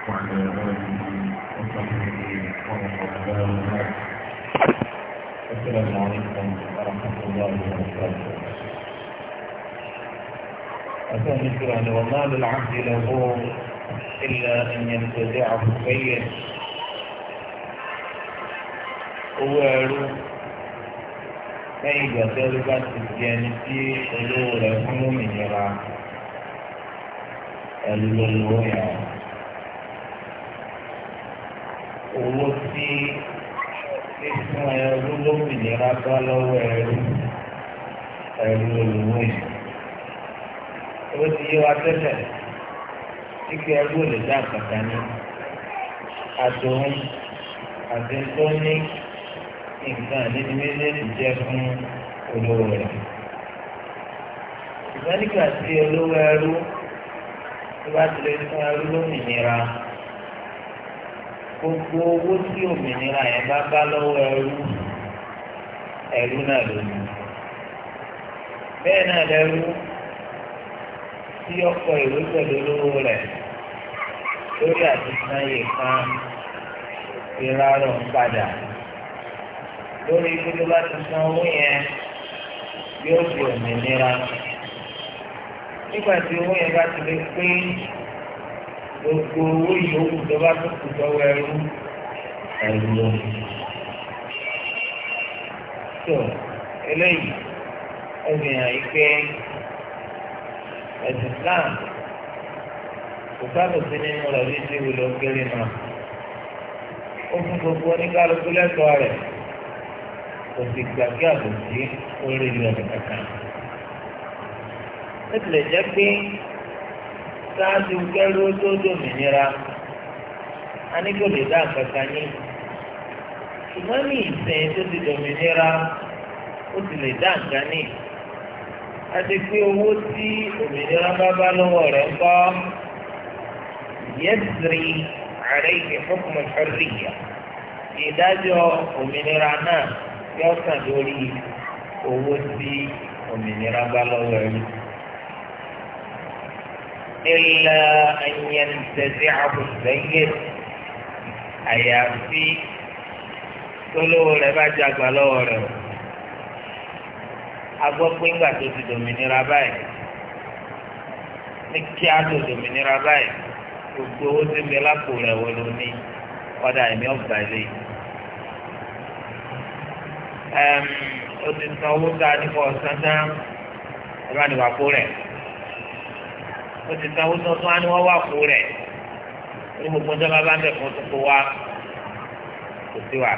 السلام عليكم ورحمة الله وبركاته أتاني القرآن وما للعبد له إلا أن ينتزعه بين owó ẹrú lẹ́yìn ìgbà tí ẹrú bá ti di ẹni owó tí fífún ẹrú lómìnira bá lọ́wọ́ ẹrú ẹrú olùwé ó ti yé wa tẹ́lẹ̀ kíkẹ́ ẹrú ò lè dá àkàtà ní àtòun àti tó ní nǹkan àdéhùn méjèèjì jẹ́ fún olówó rẹ̀ ìgbà tí olówó ẹrú tó bá ti fún ẹrú lómìnira gbogbo owó tí òmìnira yẹn bá bá lọ́wọ́ ẹrú ẹrú náà ló ní. bẹ́ẹ̀ náà lẹ́rú tí ọkọ̀ ìwé pẹ̀lú olówó rẹ̀ lórí àtúnṣe kan ìrarọ̀ padà lórí ibi tó bá ti san owó yẹn yóò di òmìnira nígbà tí owó yẹn bá ti lè pín gbogbo owó yòówù tó bá tó kù lọ́wọ́ ẹrú ẹrú lọ. tó eléyìí ẹ̀sìn àyè pé ẹ̀sìn Islam kò sábà sí nínú rẹ̀ bí ti wù ló kéré náà. ó fún gbogbo oníkálukú lẹ́tọ̀ọ́ rẹ̀ kò sì gbà kí àbòsí ó rí lọ́dọ̀ kankan. ó tilẹ̀ jẹ́ pé ṣáájú kẹ́rú tó dòmìnira a ní kò lè dá kankan yín ṣùgbọ́n ní ìsìn tó ti dòmìnira ó ti lè dá nǹkan ní àti pé owó tí òmìnira bá bá lọ́wọ́ rẹ̀ ń kọ́ yẹ́sìrì ààrẹ ìfọ́kùnmọ̀ ṣọ́ríyà ìdájọ́ òmìnira náà yọ̀ọ̀sán lórí owó tí òmìnira bá lọ́wọ́ rẹ̀ ń kọ́. إلا أن ينتزعه السيد àyàfi tólówó rẹ̀ bá jẹ àgbà lọ́wọ́ rẹ̀ o a gbọ́ pé ńgbà tó ti dòmìnira báyìí ní kí á tó dòmìnira báyìí gbogbo owó tí ń bẹ lápò rẹ̀ wọ ló ní ọdà ẹ̀mí ọgbà ilé o ti san owó tá a ní kọ ọsán tán ẹ bá ní wàá kó rẹ̀ ó ti sanwó tó tún á ní wọ́n wà fún rẹ̀ ní gbogbo ọjọ́ bàbá ń bẹ̀ fún tó kó wá kò sí wà.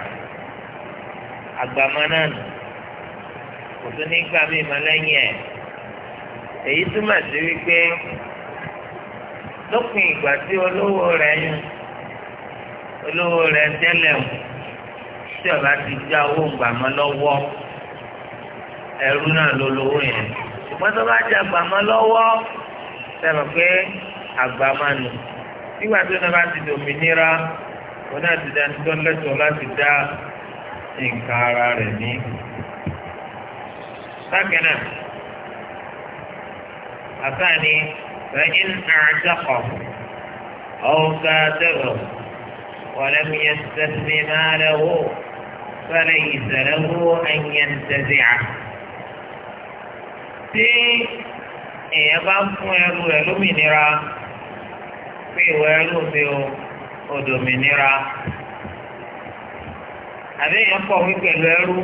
àgbàmọ́ náà kò tún ní gbà mí mọ́ lẹ́yìn ẹ̀ èyí túmọ̀ sí wípé lópin ìgbà tí olówó rẹ̀ yún olówó rẹ̀ tẹ́lẹ̀ mú tí ọba ti já owó gbàmọ́ lọ́wọ́ ẹrú náà ló lówó yẹn ṣùgbọ́n bá já gbàmọ́ lọ́wọ́. sẹ́nu pé àgbà máa nù nígbà tó náà bá ti dòmìnira wọn náà ti dá tó lẹ́tọ̀ọ́ láti dá nǹkan ara rẹ̀ ní. bákan náà àtàní fẹ́yìn àjọkọ̀ ọ̀gá dẹ̀rọ̀ ولم يستثن ماله فليس له أن ينتزعه. èèyàn bá ń fún ẹrú rẹ̀ lómìnira pé ìwọ ẹrú mi o òdòmìnira àbí èèyàn pọ̀ wí pẹ̀lú ẹrú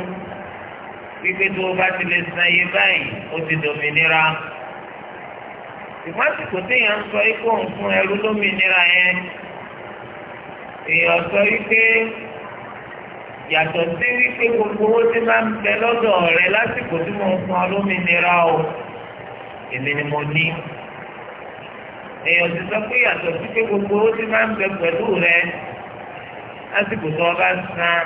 wípé tó o bá ti lè san iye báyìí ó ti dòmìnira ṣùgbọ́n àsìkò téèyàn ń sọ ikú òun fún ẹrú lómìnira yẹn èèyàn sọ wípé yàtọ̀ sí wípé gbogbo owó tí máa ń bẹ lọ́dọ̀ rẹ lásìkò tí mo ń fún ọ lómìnira o. èmi ni mo ní èèyàn ti sọ pé yàtọ̀ sí pé gbogbo owó ti máa ń bẹ pẹ̀lú rẹ lásìkò tó o bá san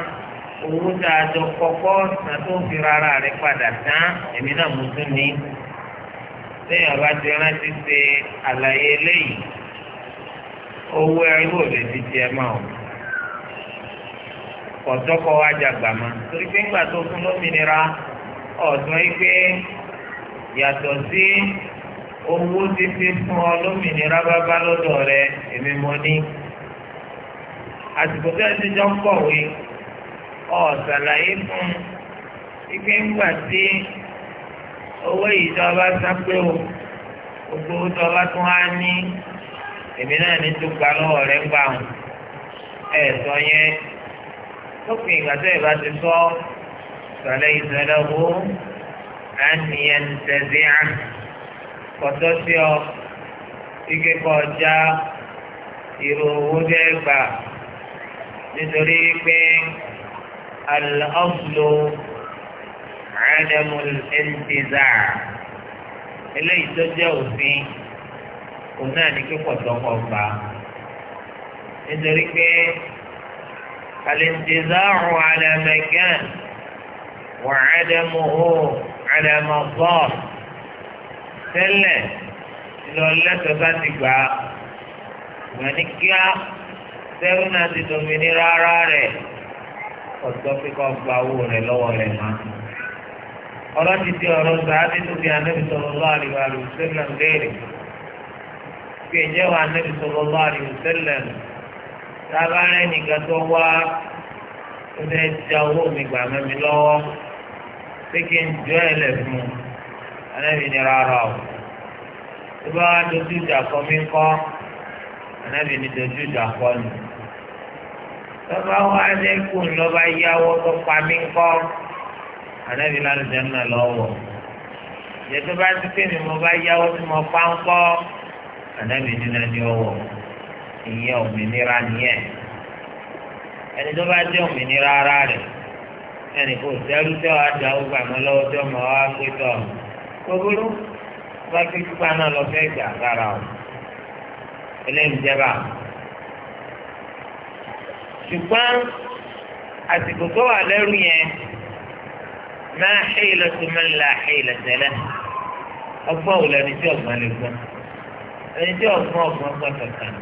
owó tá a jọ kọ́kọ́ tó fi rárá rẹ padà tán èmi náà mo tún ní lẹ́yìn ọba ti rántí àlàyé eléyìí o torí pé ńgbà tó fún lómìnira yìí yàtọ̀ sí owó títí fún ọ lómìnira bábá lọ́dọ̀ rẹ èmi mọ́ ní. àsìkò tó ẹsẹ̀ jọ ń kọ̀wé ọ̀ ṣàlàyé fún ike ńgbà tí owó ìjọba sápé o gbogbo owó tó bá tún á ní èmi náà ní tó gba lọ́wọ́ rẹ ń gbà wọn. ẹ sọ yẹn lópin ìgbà tó ìbá ti sọ ṣàlàyé ìṣẹ̀lẹ̀ owó àníyàn tẹ̀sí à kọ̀tọ́ sí ọ ike kọjá ìrò owó bẹ́ẹ̀ gbà nítorí pé alọ́flò àdàmù ẹ̀ǹtẹ̀zà eléyìí tó jẹ́ òfin òun náà ní kíkọ̀ tọkọ̀ gbà nítorí pé alẹ́ǹtẹ̀zà ọ̀hún àdàmẹ̀gán wà àdàmù ọ̀hún àdàmọ̀ bọ́ tẹ́lẹ̀ lọ lẹ́tọ̀ọ́ bá ti gbà á wọ́n ní kíá sẹ́rù náà ti dòmìnira ara rẹ̀ ọ̀tọ́ kíkọ́ gba owó rẹ̀ lọ́wọ́ rẹ̀ má. ọlọ́tí ti ọ̀rọ̀ sàádé tó fi anábì sọ̀rọ̀ lọ́wọ́ àríwá àríwá sẹ́lẹ̀ léèrè kí ẹ̀jẹ̀ wà anábì sọ̀rọ̀ lọ́wọ́ àríwá sẹ́lẹ̀ tábàárẹ̀ nìkan tó wá ó fẹ́ ja owó mi gbà mẹ́mi lọ́wọ́ pé kí n jọ ẹ lẹ̀ fún un anábì ní rárá o tó bá wá dojú ìjà kọ mí kọ́ anábì ní dojú ìjà kọ nù tọ́ba wá lẹ́kùn lọ́ba yáwọ́ tó pa mí kọ́ anábì lálùjẹ́ náà lọ́wọ́ ìyẹn tó bá ti pè mí mo bá yáwọ́ tí mo pa ń kọ́ anábì nínú ìyẹn òmìnira nìyẹn ẹni tó bá jẹ́ òmìnira ara rẹ̀ ẹnì kò sẹ́rú tẹ́ wàá da ọgbà mọ́ lọ́wọ́ tẹ́ ọmọ wa pé tọ́ gbogbo bá fi pípa náà lọ fẹ́ gbà rárá o eléyìí jẹba ṣùgbọ́n àsìkò tó wà lẹ́rú yẹn máa xèèlè tó máa la xèèlè tẹ́lẹ̀ ọgbọ́n wò lẹni tí ọgbọ́n lè gbọ́n ẹni tí ọgbọ́n ọgbọ́n gbọ́n kankan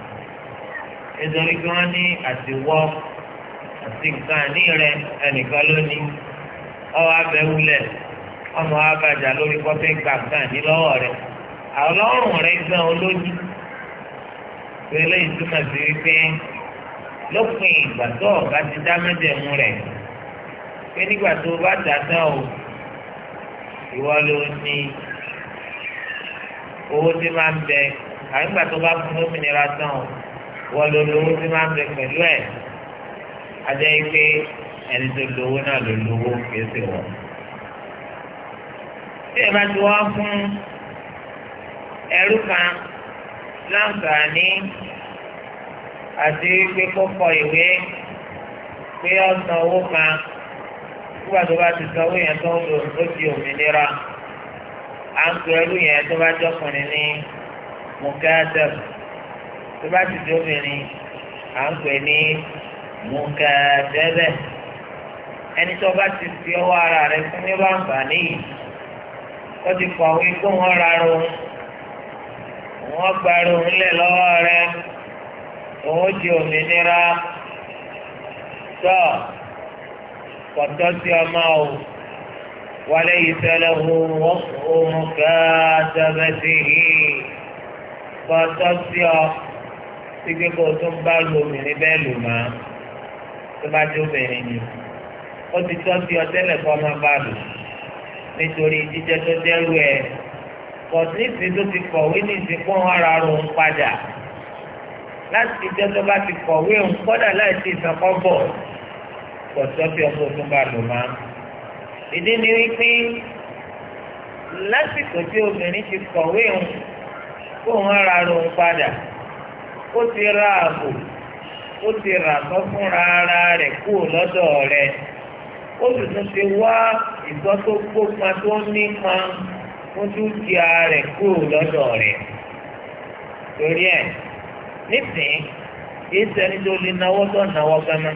nítorí pé wọ́n ní àtiwọ́ àti nǹkan àní rẹ ẹnìkan lónìí ọwọ́ abẹ wulẹ̀ ọmọ abajà lórí kọ́fẹ́ gbà nǹkan àní lọ́wọ́ rẹ ọlọ́run rẹ gan olójú pẹ̀lú ìtumọ̀ sí wípé lópin ìgbà tó ọ̀gá ti dá mẹ́jẹ̀mú rẹ̀ pé nígbà tó bá dà tán o ìwọ ló ní owó tí máa ń bẹ àyíngbà tó bá fún lómìnira tán o ìwọ ló ní owó tí máa ń bẹ pẹ̀lú ẹ̀ ajẹ́ pé ẹni tó lówó náà ló lówó kìí ṣe wọ̀. tí ẹ bá ti wá fún ẹrú kan láǹfààní àti pé kókọ ìwé pé ọ̀sán owó kan nígbà tó bá ti san owó yẹn tó ń lò ó di òmìnira à ń pe ẹrú yẹn tó bá jọkùnrin ní mùkádẹ́bù tó bá ti di obìnrin à ń pè ní mùkàdẹ́bẹ̀ ẹni tó bá ti fi ọwọ́ ara rẹ̀ fún ní bàbá níyì ó ti kọ̀wé kó wọ́n ra rohun wọ́n gba rohun lẹ̀ lọ́wọ́ rẹ̀ òun di òmìnira tọ́ kọ̀tọ́ sí ọmọ o wàlẹ́ yìí fẹ́lẹ́ wọ́n òun ká sábẹ́ sí yìí kọ̀tọ́ sí ọ sí pé kó o bá lu bẹ́ẹ̀ lù máa tó bá jó bẹ̀rẹ̀ ni ó ti tọ́ sí ọ tẹ́lẹ̀ kọ́ máa bá lò nítorí jíjẹ tó dẹ́rù ẹ̀ kọ̀síìsì tó ti kọ̀wé ní ìsìnkú ara rò ń padà láti jẹ́ tó bá ti kọ̀wé ń kọ́dà láì sí ìsànkọ́ bọ̀ kò sọ pé ọkọ̀ tó bá lò máa. ìdí ni wípé lásìkò tí obìnrin ti kọ̀wé ń kó ara rò ń padà ó ti ra ààbò ó ti rà sọ fúnra ara rẹ̀ kú lọ́dọ̀ rẹ̀ ó sì tún ti wá ìgbọ́ tó gbópa tó nípa fún dúkìá rẹ̀ kú lọ́dọ̀ rẹ̀ torí ẹ̀ nísìnyí kìí sẹ́ni tó lè náwó tó náwó gánà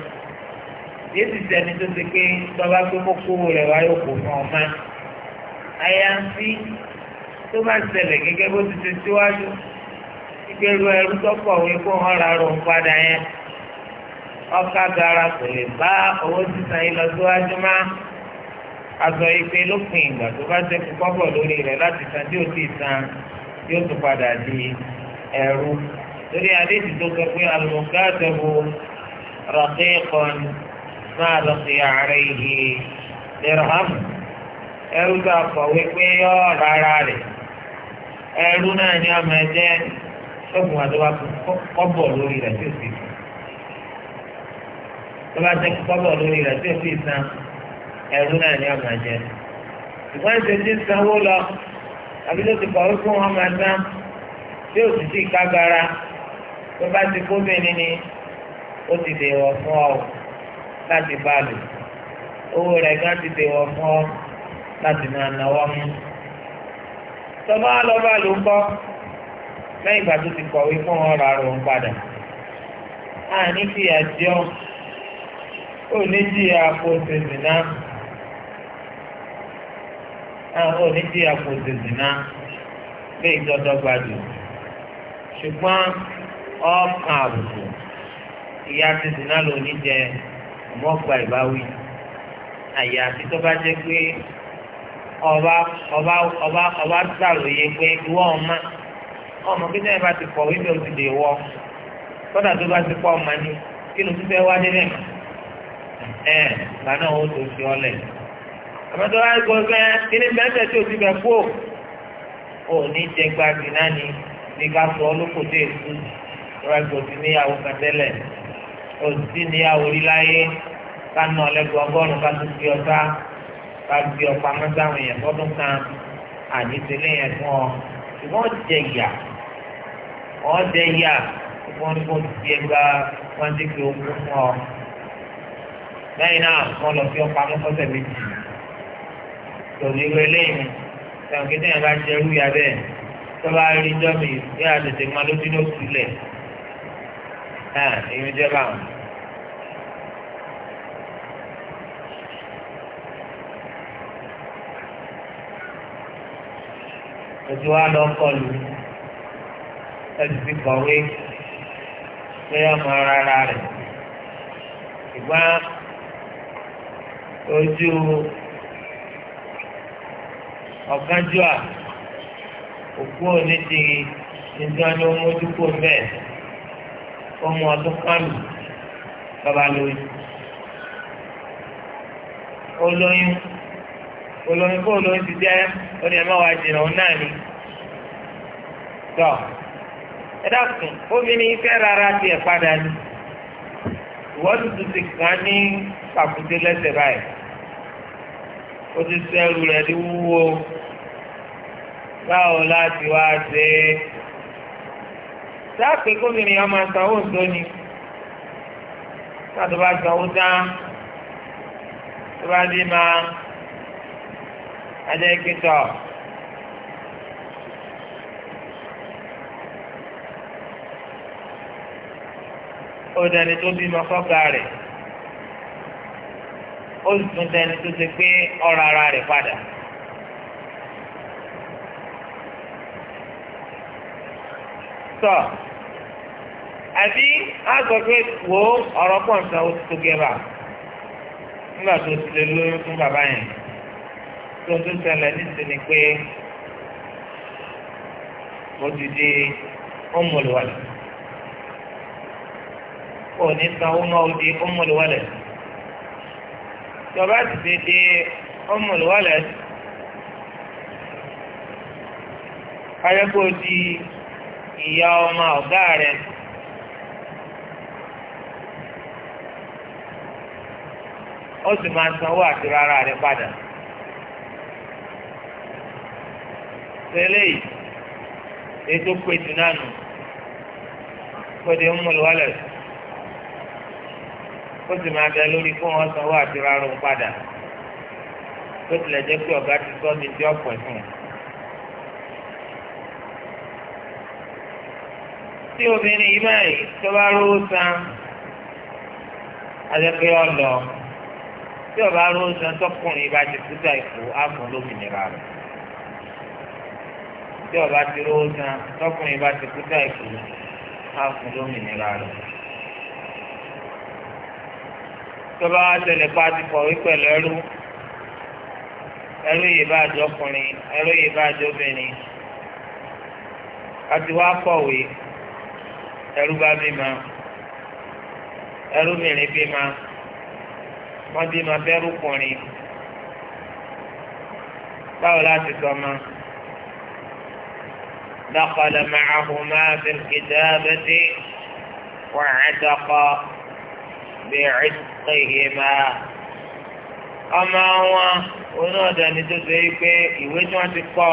kìí sì sẹ́ni tó ti pé bàbá pé mo kówó rẹ̀ wáyé kò fún ọmọ àyàfi tó bá ṣẹlẹ̀ gẹ́gẹ́ bó ti ṣe síwájú ìgbèrú ẹrú tó pọ̀ wípé wọ́n ra rò ń padà yẹn ọkà gara kò lè bá owó sísan yìí lọ síwájú má aṣọ ife lópin ìgbà tó bá ṣe kókó bọ̀ lórí rẹ̀ láti san tí ó ti san yóò tún padà di ẹrú torí adéjì tó sọ alùpùpù àtẹ̀wò rọ̀kẹ́kọ̀ọ́n máa lọ ààrẹ ìhè dirham ẹrú tó akọ̀wé pé yọ rárá rẹ̀ ẹrú náà ni ọmọ ẹ̀jẹ̀ ṣọ́gun àti wàá kọ́bọ̀ lórí rẹ̀ tó sì tó bá jẹ́ kọ́bọ̀ lórí rẹ̀ tí ò san ẹ̀rú náà ní ọ̀nà jẹ. ìwọ́n ṣe ti sanwó lọ àbí tó ti kọ̀wé fún wọn máa tí ò sì sí kágara tó bá ti kó bẹ́ẹ̀ ni ó ti dèwọ̀ fún ọ láti bá lò owó rẹ̀ gan ti dèwọ̀ fún ọ láti máa náwó mú. tọ́ba lọ́ba ló ń bọ́ lẹ́yìn ìgbà tó ti kọ̀wé fún ọ rà rò ń padà. àní fi àjọ onídìí àpòsèzìnà onídìí àpòsèzìnà lè dọ́dọ́ gbajù ṣùgbọ́n ọkàn àbùkù ìyá tìsínà ló ní jẹ ọmọọgbà ìbáwí àyà àti tó bá jẹ pé ọba ọba ọba ọba sàròyé pé ìwọ ọmọ ọmọ kí sẹ́yìn bá ti kọ̀wé bí o ti dè wọ kódà tó bá ti kọ́ ọmọ ni kí ló ti fẹ́ wá dé lẹ́nu ẹ̀ gbaná ó tó fi ọlẹ̀ àmọ́tọ́ wá gbọ́ pé kíní bẹ́ẹ̀ tí o ti bẹ̀ kú ò ní jẹ gbàgbé náà ni bí ká sọ ọlọ́kọ̀ tó èkú lọ́wọ́ gbọ́ sí níyàwó kan tẹ́lẹ̀ o sì níyàwó rí láyé ká nà ọlẹ́gbọ̀ ọgọ́rùn-ún ká tó fi ọ̀tá ká fi ọ̀pá mọ́sáwọn èèyàn fọ́dún kan àdìsílẹ̀ yẹn fún ọ ṣùgbọ́n jẹ ìyà ọ jẹ ìyà ṣùgbọ́n kò tiẹ̀ gba wọ́n ti fi ogún fún ọ lẹ́yìn náà wọ́n lọ fi ọkọ̀ amúfọ́sẹ̀ méjì tòun irú eléyìí tàbí kí tẹ̀yìn bá jẹ́ irú ya bẹ́ẹ̀ tó bá rí jọ́mi yóò àtètè máa lójú ló sílẹ̀ ìyẹn jẹ́ báwọn. ojú wa lọ kọlù ẹtù ti kọ̀wé pé ọmọ rárá rẹ̀ ìgbà ojú ọ̀gánjúà òkú òní ti nígbà ní ọmọ ojú kò bẹ́ẹ̀ ọmọ ọdún kánú bàbá lóyún olóyún olóyún kó olóyún ti jẹ́ oní ẹ̀mọ́ wa jìnnà òun náà ni tọ́ ẹ dákun obìnrin fẹ́ rárá tiẹ̀ padà ni ìwọ́dù tó ti kàn ní kàkúté lẹ́sẹ̀ báyìí ó ti sẹ́rù rẹ̀ ní wúwo báwo láti wá ṣe é sáàpé gómìnà ọmọ sanwó tó ni sáàtò bá sanwó tán tó bá dé máa ajẹ́ kíkọ́. ó dẹni tó bímọ fọ́gà rẹ̀ ó sì tún dẹni tó ṣe pé ọ̀rọ̀ ara rẹ̀ padà. sọ àbí àgọ́gbé wo ọ̀rọ̀ pọ̀nsán ó ti tó gẹ́bà nígbà tó ti lè lóyún fún bàbá yẹn tó tó ṣẹlẹ̀ nísìnyí pé mo ti di òní sanwó mọ́ odi Ummul tọba ti ṣe ṣe Ummul Walad di ìyá ọmọ ọ̀gá rẹ̀ ó sì máa sanwó àti rárá rẹ padà tẹ́lẹ̀ ètò pẹ̀tù náà nù kọ́dé ó sì máa bẹ lórí fún wọn sanwó àti rárá òun padà tó tilẹ̀ jẹ́ pé ọ̀gá ti sọ ní ti ọ̀pọ̀ ẹ̀fọn. tí obìnrin yìí báyìí tó bá rówó san adẹ́pẹ́ ọ̀lọ́ tí ọba rówó san tọkùnrin bá ti kúta ìfò áfún lómìnira rẹ̀ tí ọba ti rówó san tọkùnrin bá ti kúta ìfò áfún lómìnira rẹ̀ tó bá wá tẹ̀lé pa ti kọ̀wé pẹ̀lú ẹrú ẹrú yìí bá jọ ọkùnrin ẹrú yìí bá jọ obìnrin a ti wá kọ̀wé ẹrú bá bímọ ẹrú mìíràn bímọ wọ́n bímọ fẹ́rú kùnrin báwo láti sọmọ دخل معهما في الكتابة وعتق بعتقهما ọmọ wọn oní ọ̀dọ̀ ni tó ṣe pé ìwé tí ti kọ́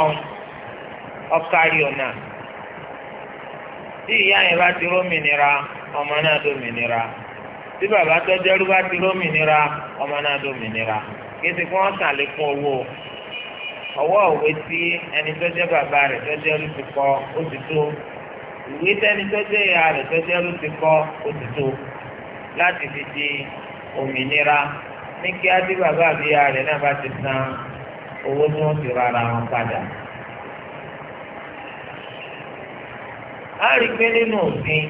ọkàrí ọ̀nà tí ìyá yẹn bá ti rómìnira ọmọ náà dómìnira bàbá tó dẹrú ti rómìnira ọmọ náà dómìnira ti kí wọ́n sàlẹ̀ fún owó ọwọ́ òwe ti láti fi di òmìnira ní kí ádé bàbá àbíyá rẹ̀ náà bá ti san owó tí wọ́n ti ra ara wọn padà. a rí pé nínú òfin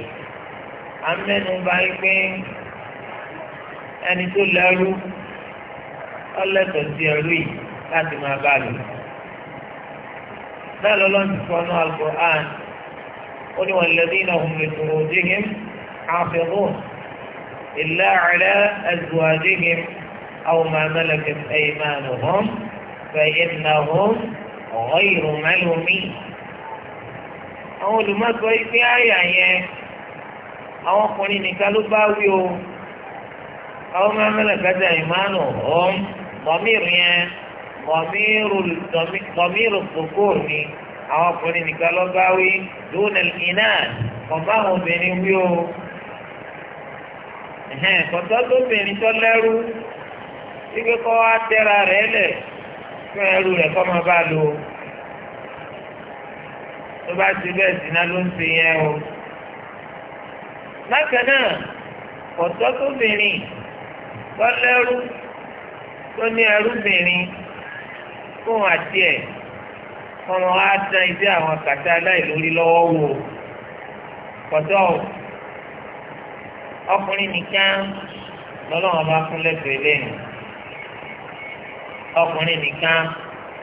amẹ́nubá yìí pé ẹni tó lẹ́rú ọlẹ́tọ̀ọ́ sí ẹrú yìí láti máa bá lò. náà lọ́lọ́run ti sọ ọ́nà Al-Qur'an ó ní wal ladhina hum li furujihim hafidhun. إلا على أزواجهم أو ما ملكت أيمانهم فإنهم غير ملومين àwọn olùmọ̀sọ ife àyà yẹn àwọn ọkùnrin nìkan ló bá wí o àwọn ọmọ amẹ́lẹ̀kẹ́tà ìmánu ọ̀hún mọ̀míìrù yẹn mọ̀míìrù kòkó ni àwọn ọkùnrin nìkan ló bá wí lónìí iná ọ̀bá àwọn obìnrin wí o kọ̀tọ́ tóbìnrin tó lẹ́rú ibi kọ́ wá tẹ́ra rẹ̀ lẹ̀ fún ẹrú rẹ̀ kọ́ máa bá lò ó tó bá ti bẹ́ẹ̀ sí náà ló ń ti yẹn o. bákan náà kọ̀tọ́ tóbìnrin tó lẹ́rú tó ní ẹrúbìnrin fún àti ẹ̀ ọmọ wa dán ibi àwọn kàtà aláìlórí lọ́wọ́ wò kọ̀tọ́ o ọkùnrin nìkan lọ́lọ́wọ́n bá fún lẹ́tọ̀ eléyìí ọkùnrin nìkan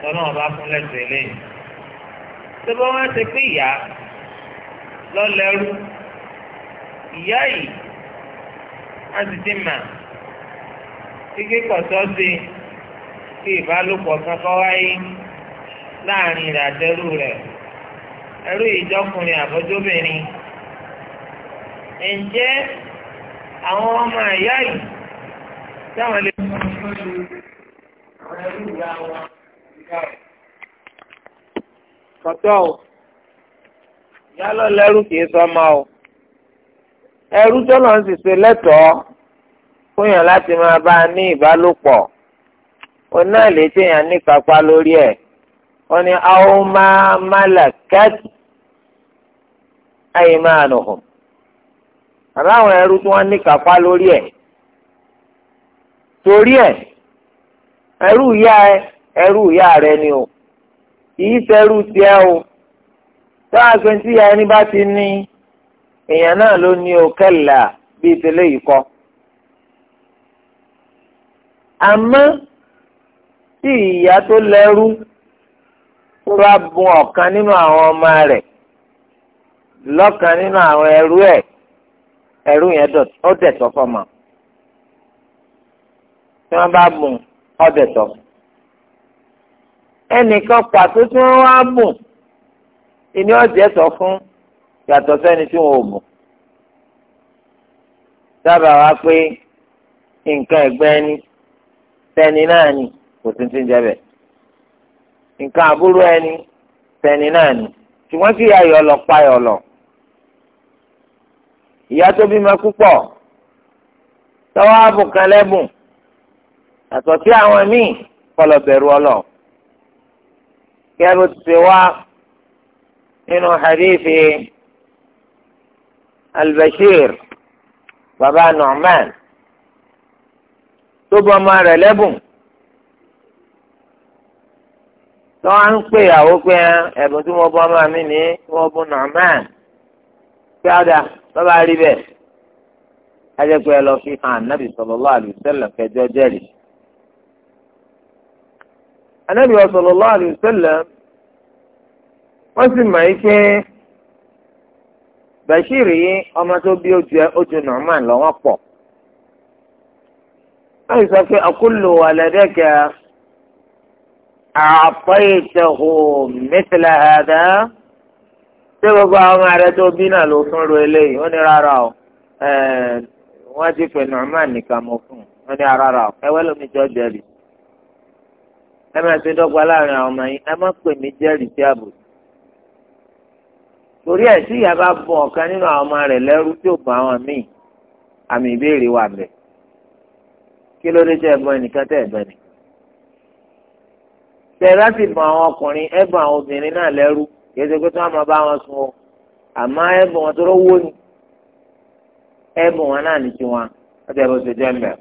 lọ́lọ́wọ́n bá fún lẹ́tọ̀ eléyìí tó bá wá ṣe pé ìyá lọ́lẹ́rú ìyá yìí á ti dín mà kíkẹ́ kọ̀tọ́ sí kí ìbálòpọ̀ kankan wáyé láàrin rẹ̀ àtẹrú rẹ̀ ẹrú ìjọkùnrin àbọ́jọ́bìnrin ǹjẹ́ àwọn ọmọ ẹ̀yà yìí táwọn lè fọ́n fọ́n ṣe àwọn ẹrú ìyá wọn ìgbà rẹ̀. kọ̀tọ́ o ìyá lọ lẹ́rú kìí sọ́mọ o ẹrú tọ́lọ̀ ń sì lẹ́tọ̀ọ́ fún láti máa bá a ní ìbálòpọ̀ òun náà lè tẹ̀yàn ní kápá lórí ẹ̀ wọ́n ní àwọn máa má là kẹ́tì ayé máa nù hùn aláwọn ẹrú tí wọ́n ní kápá lórí ẹ̀ torí ẹ̀ ẹrú ìyá ẹ ẹrú ìyá rẹ ni o kìí ṣẹrú tiẹ̀ o tó àgbẹ̀ntì ìyá ẹni bá ti ní èèyàn náà ló ní o kẹ́là bíi tẹ́lẹ̀ yìí kọ́ àmọ́ tí ìyá tó lẹ́rú tó bá bùn ọ̀kan nínú àwọn ọmọ rẹ̀ lọ́kan nínú àwọn ẹrú ẹ̀ ẹrú yẹn ó dẹ̀tọ̀ fọmọ tí wọ́n bá bùn ó dẹ̀tọ̀ ẹnìkan pàtó tí wọ́n wá bùn ìní ọ̀jẹ̀ sọ fún yàtọ̀ sẹ́ni tí wọ́n ò bùn dábàá wá pé nǹkan ẹ̀gbẹ́ ni tẹni náà ni kò tuntun jẹbẹ nǹkan àbúrò ẹni tẹni náà ni ṣùgbọ́n kí ayọ̀ lọ pa ayọ̀ lọ ìyá tó bímọ púpọ̀ tọ́wọ́ àbùkán lẹ́bùn àtọ̀ tí àwọn míì kọlọ bẹ̀rù ọlọ. kẹ́rù ti ṣe wá nínú hadithi albashir baba nu'man tó bọ́ ọmọ rẹ̀ lẹ́bùn tọ́wọ́ ń pè àwọn pé ẹ̀bùn tí wọ́n bọ́ ọmọ mi ní wọ́n bọ́ nu'man kí á dáa bàbá rí bẹ́ẹ̀ ajẹ́pẹ́ ẹ lọ fi hàn ànábì sallallahu alaihi wasallam kẹjọ jẹ́rìí. ànábì sallallahu alaihi wasallam wọ́n sì mọ̀ yí pé Bashir yìí ọmọ tó bí ojú Nu'man lọ́wọ́ pọ̀. wọ́n sì sọ pé akullu waladaka a'taytahu mithla hadha. ṣé gbogbo àwọn ọmọ rẹ tó bí náà ló fún ro eléyìí ó ní rárá o wọ́n ti pè Nu'man nìkan fún un ó ní rárá o ẹwẹ́ lómi jọ jẹ́rìí ẹ máa ṣe àwọn ọmọ yín ẹ má pè mí sí torí ẹ̀ tí ìyá bá bọ nínú àwọn ọmọ rẹ̀ lẹ́rú tí ò bọ àwọn míì àmì ìbéèrè wà bẹ̀ kí ló dé ẹ bọ bẹ kì í ṣe pé tí wọ́n máa bá wọn sùn o àmọ́ ẹ̀bùn wọn tó lówó ni ẹ̀bùn wọn náà ní tiwọn ọ̀tẹ̀ bó ṣe jẹ́ mẹ́rin.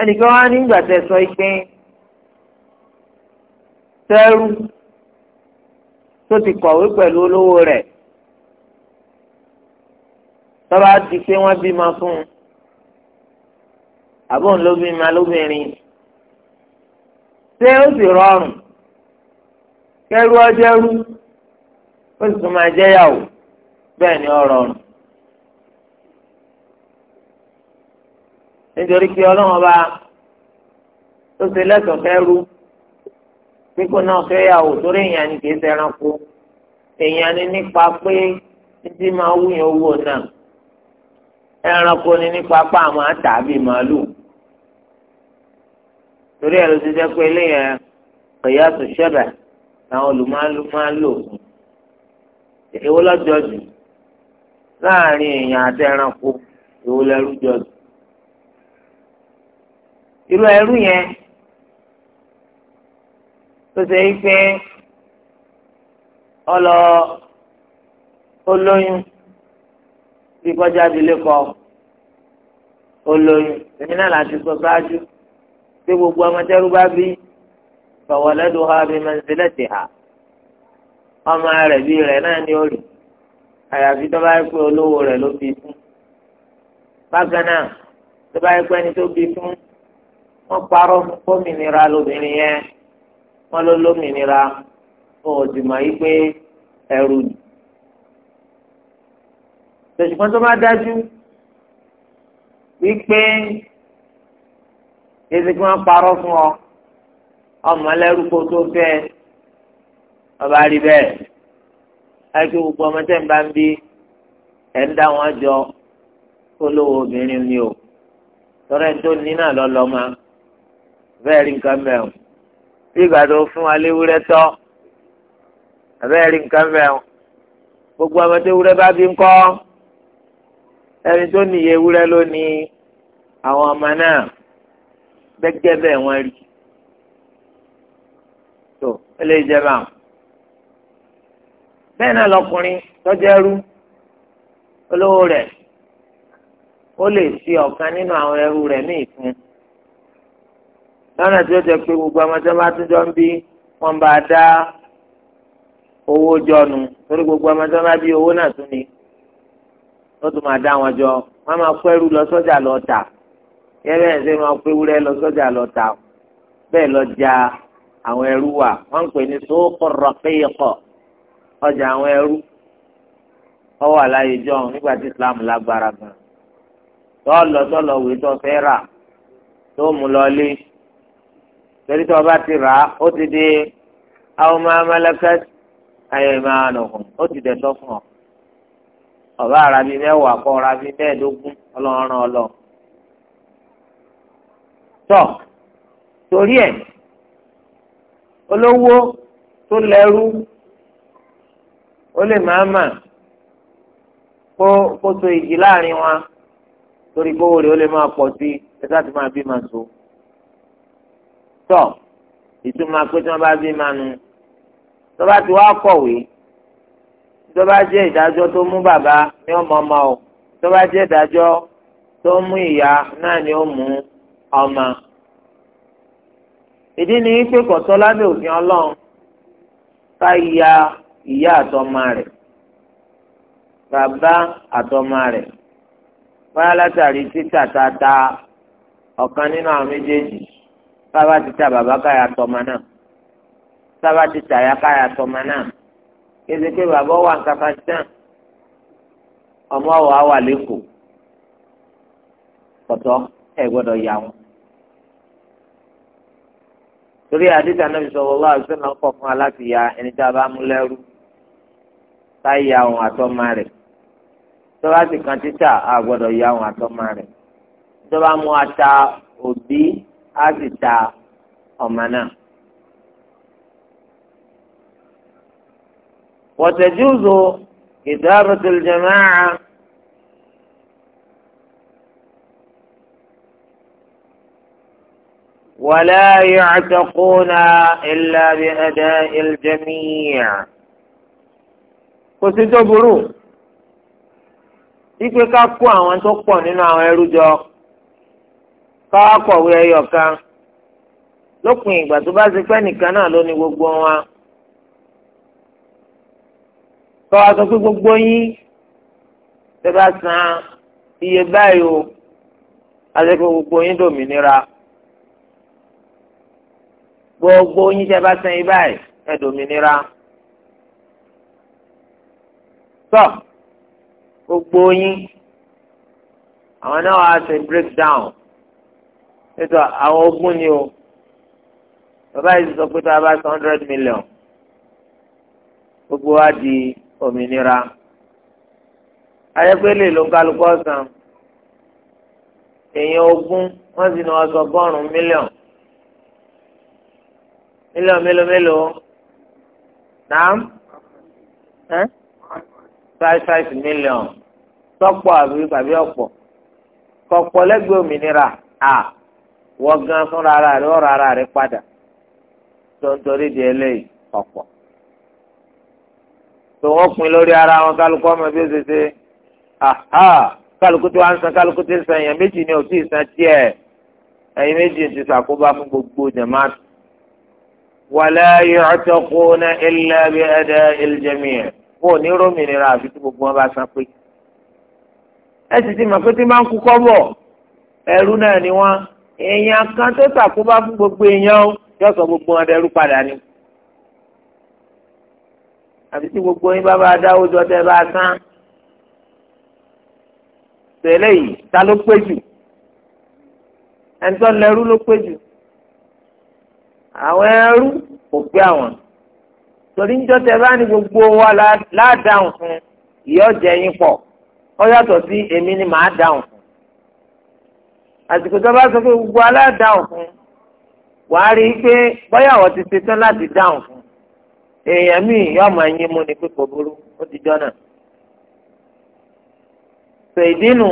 ẹnìkan wá nígbà tẹ sọ pé tẹrú tó ti kọ̀wé pẹ̀lú olówó rẹ̀ tọ́ba ti pé wọ́n bímọ fún un àbọ̀n ló bímọ lóbìnrin ṣé ó sì rọrùn kẹrù ọjẹrù ó sì tún máa jẹyàwó bẹ́ẹ̀ ni ó rọrùn. nítorí pé ọlọ́run ọba tó ṣe lẹ́tọ̀ọ́ kẹrù kíkó náà fẹ́yàwó torí èèyàn ni kìí èèyàn ni ẹranko ni nípa pàmò àtàbí torí ẹ̀ ló ti jẹ́ pé eléyẹn kìyàtò ṣẹbẹ àwọn olùmọ̀ọ́lù máa ń lò èwo lọ́jọ́ jù láàrin èèyàn àti ẹranko èwo lẹ́rú jọ jù irú ẹrú yẹn tó ṣe é pé ọlọ olóyún bí kọjá dilé kọ olóyún èmi náà láti sọ ṣáájú ṣé gbogbo amatẹ́rù bá bí fàwọlẹ́dùn ha bí mẹ́sílẹ̀tì ha ọmọ rẹ̀ bí rẹ̀ náà ní òòlù àyàfi tó bá yẹ pé olówó rẹ̀ ló bí fún bákan náà tó bá yẹ pé ẹni tó bí fún wọ́n parọ́ fún lóbìnrin yẹn wọ́n ló lómìnira wọn ò pé ẹrù ni tòṣùpọ̀ tó bá dájú wípé èsì kí wọ́n parọ́ fún ọ ọmọ lẹ́rú kó tó fẹ́ ọba rí bẹ́ẹ̀ ẹ̀kí gbogbo ọmọ tẹ̀ ń bá ń bí ẹ̀ ń dá wọn jọ olówó obìnrin ni o tọ́rẹ́ tó ní náà lọ́lọ́ ma bẹ́ẹ̀ rí nǹkan bẹ́ẹ̀ o bí ìgbà tó fún wa léwúrẹ́ tọ́ bẹ́ẹ̀ rí nǹkan bẹ́ẹ̀ o gbogbo ọmọ tó wúrẹ́ bá bí ń kọ́ ẹni tó nìyẹ wúrẹ́ lónìí àwọn ọmọ náà gbẹgbẹ bẹ́ẹ̀ wọ́n rí tó eléyìí jẹ́ báwọn bẹ́ẹ̀ náà lọkùnrin tọ́jẹ́rú olówó rẹ̀ ó lè fi ọ̀kan nínú àwọn ẹrú rẹ̀ ní ìfún lọ́nà tí ó jẹ́ pé gbogbo ọmọdé bá tún jọ ń bí wọ́n bá dá owó jọ nu torí gbogbo ọmọdé bá bí owó náà tún ni ó tún máa dá wọn jọ wọ́n máa kó ẹrú lọ sọ́jà lọ tà yẹn bẹ́ẹ̀ ṣe máa pé wúrẹ́ lọ sọ́jà lọ tà bẹ́ẹ̀ lọ ja àwọn ẹrú wa wọ́n ń pè ní sóòkò rọ̀kìyìkọ̀ ọjà àwọn ẹrú ọwọ́ àlàyé john nígbà tí Islam lágbára gan tọ́lọ̀ tọ́lọ̀ wèé tó fẹ́ rà tó mú lọlé torí tó bá ti rà á ó ti di àwọn máa mẹlẹ́kẹ́ ayé máa nù hùn ó ti dẹ̀ tọ́ ọ ọba àràbí mẹ́wàá kọ́ ọ̀ràbí mẹ́ẹ̀ẹ́dógún ọlọ́run ọlọ́run tọ̀ torí ẹ̀ olówó tó lẹ́rú ó lè máa mà kó kó so ìjì láàrin wa torí kówó rẹ̀ ó lè máa pọ̀ sí ẹ̀ka tó máa bí máa so tọ̀ ìtumọ̀ pé tí wọ́n bá bí máa nu tó bá ti wá kọ̀wé tó jẹ́ ìdájọ́ tó mú bàbá ni ó mọ ọmọ o tó bá jẹ́ ìdájọ́ tó mú ìyá náà ni ó mú un ọmọ ìdí ni wípé kọ̀tọ́ lábẹ́ òfin ọlọ́run ká ya ìyá àtọmọ rẹ̀ bàbá àtọmọ rẹ̀ báyà látàrí títà tata ọ̀kan nínú àwọn méjèèjì bàbá títà bàbá káyà tọmọ náà bàbá títà ya káyà tọmọ náà kéde pé bàbá wà ní Kafaristan ọmọ wa wà lẹ́kọ̀ọ́ pọ̀tọ́ ẹ̀ gbọ́dọ̀ yà wọ́n torí àdìsá náà sallallahu alaihi wasallam kọ̀ fún wa láti ya ẹni tá a bá mú lẹ́rú tá ya òun àtọ́mọ rẹ̀ tó bá sì kan títà a gbọ́dọ̀ ya òun àtọ́mọ rẹ̀ tó bá mú ata òbí á sì ta ọmọ náà. وتجوز إدارة الجماعة ولا يعتقون إلا بأداء الجميع kòsíjọ́ burú ipe ká kó àwọn tó pọ̀ nínú àwọn ẹrú jọ káwá kọ̀wé ẹyọ kan lópin ìgbà tó bá ti pẹ́ nìkan náà ló ní gbogbo wọn káwá sọ pé gbogbo yín tẹ́ bá san iye báyìí o àti pé gbogbo yín dòmìnira gbogbo yín tẹ́ bá sẹ́yìn báyìí ẹ dòmìnira tọ gbogbo yín àwọn náà wàá ṣe break down ètò àwọn ogún ni o bàbá yìí sọ pé tá a bá san hundred million gbogbo wa di òmìnira ayẹpẹlẹ ló kálukọ san èèyàn ogún wọn sì ní wọn sọ mílíọ̀nù mélòó mélòó nàám ẹ́ five five million tọ́pọ̀ àbí àbí ọ̀pọ̀ kọ̀pọ̀ lẹ́gbẹ̀ẹ́ òmìnira à wọ́n gan fúnra ara rẹ̀ ọ̀rọ̀ ara rẹ̀ padà tó ń torí di eléyìí ọ̀pọ̀ tó wọ́n pin lórí ara wọn kálukú ọmọ bí ó ṣe ṣe àhá kálukú tó wá ń san kálukú tó ń san èèyàn méjì ni ò tí ì san tiẹ̀ ẹ̀yin méjì ti ṣàkóbá fún gbogbo jẹ̀máàtì. ولا يعتقون إلا بأداء الجميع wọn ò ní rómìnira àfi tí gbogbo wọn bá san pé ẹ sì ti mọ̀ pé tí máa ń kú kọ́bọ̀ ẹrú náà ni wọ́n èèyàn kan tó ṣàkóbá fún gbogbo èèyàn ó yóò gbogbo wọn dẹrú padà ni àfi tí gbogbo yín bá bá dáwó jọ tẹ́ bá san tẹ́lẹ̀ yìí ta ló pé jù ẹni lẹ́rú ló pé jù àwọn ẹrú kò pé àwọn torí ń jọ́tẹ̀ bá ní gbogbo wa ládàáhùn fún ìyọ́jẹ yín pọ̀ ó yàtọ̀ sí èmi ni màá dáhùn fún àsìkò tó bá sọ pé gbogbo aládàáhùn fún wàá rí i pé bóyá àwọn ti ṣetán láti dáhùn fún èèyàn míì yóò máa yín mú ni pé kò burú ó ti jọ́ náà sọ ìdínú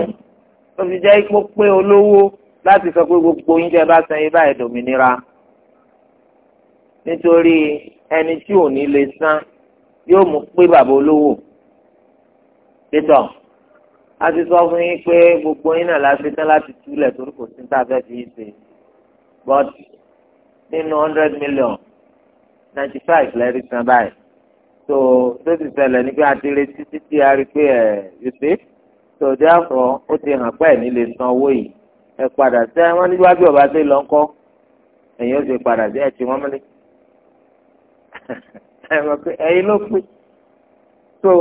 ó fi jẹ́ ipò pé olówó láti sọ pé gbogbo oúnjẹ bá san ibà ẹ̀dòmìnira nítorí ẹni tí ò ní lè san yóò mú pé bàbá olówó pétọ a ti sọ fún yín pé gbogbo yín náà láti tán láti túlẹ̀ torí kò sí tá a fẹ́ fi yín ṣe but nínú hundred million ninety five lẹ́rìí san báyìí so tó ti ṣẹlẹ̀ ní pé a ti retí títí a rí pé ẹ̀ you see so therefore ó ti hàn pé ẹ̀ nílé san owó yìí ẹ padà sẹ́ wọ́n níwájú ọba tó lọ ń kọ́ ẹ̀yin ó ti padà sí ẹ̀ tí wọ́n mọ́lẹ̀ ẹ̀rọ pé ẹ̀yin ló pé tó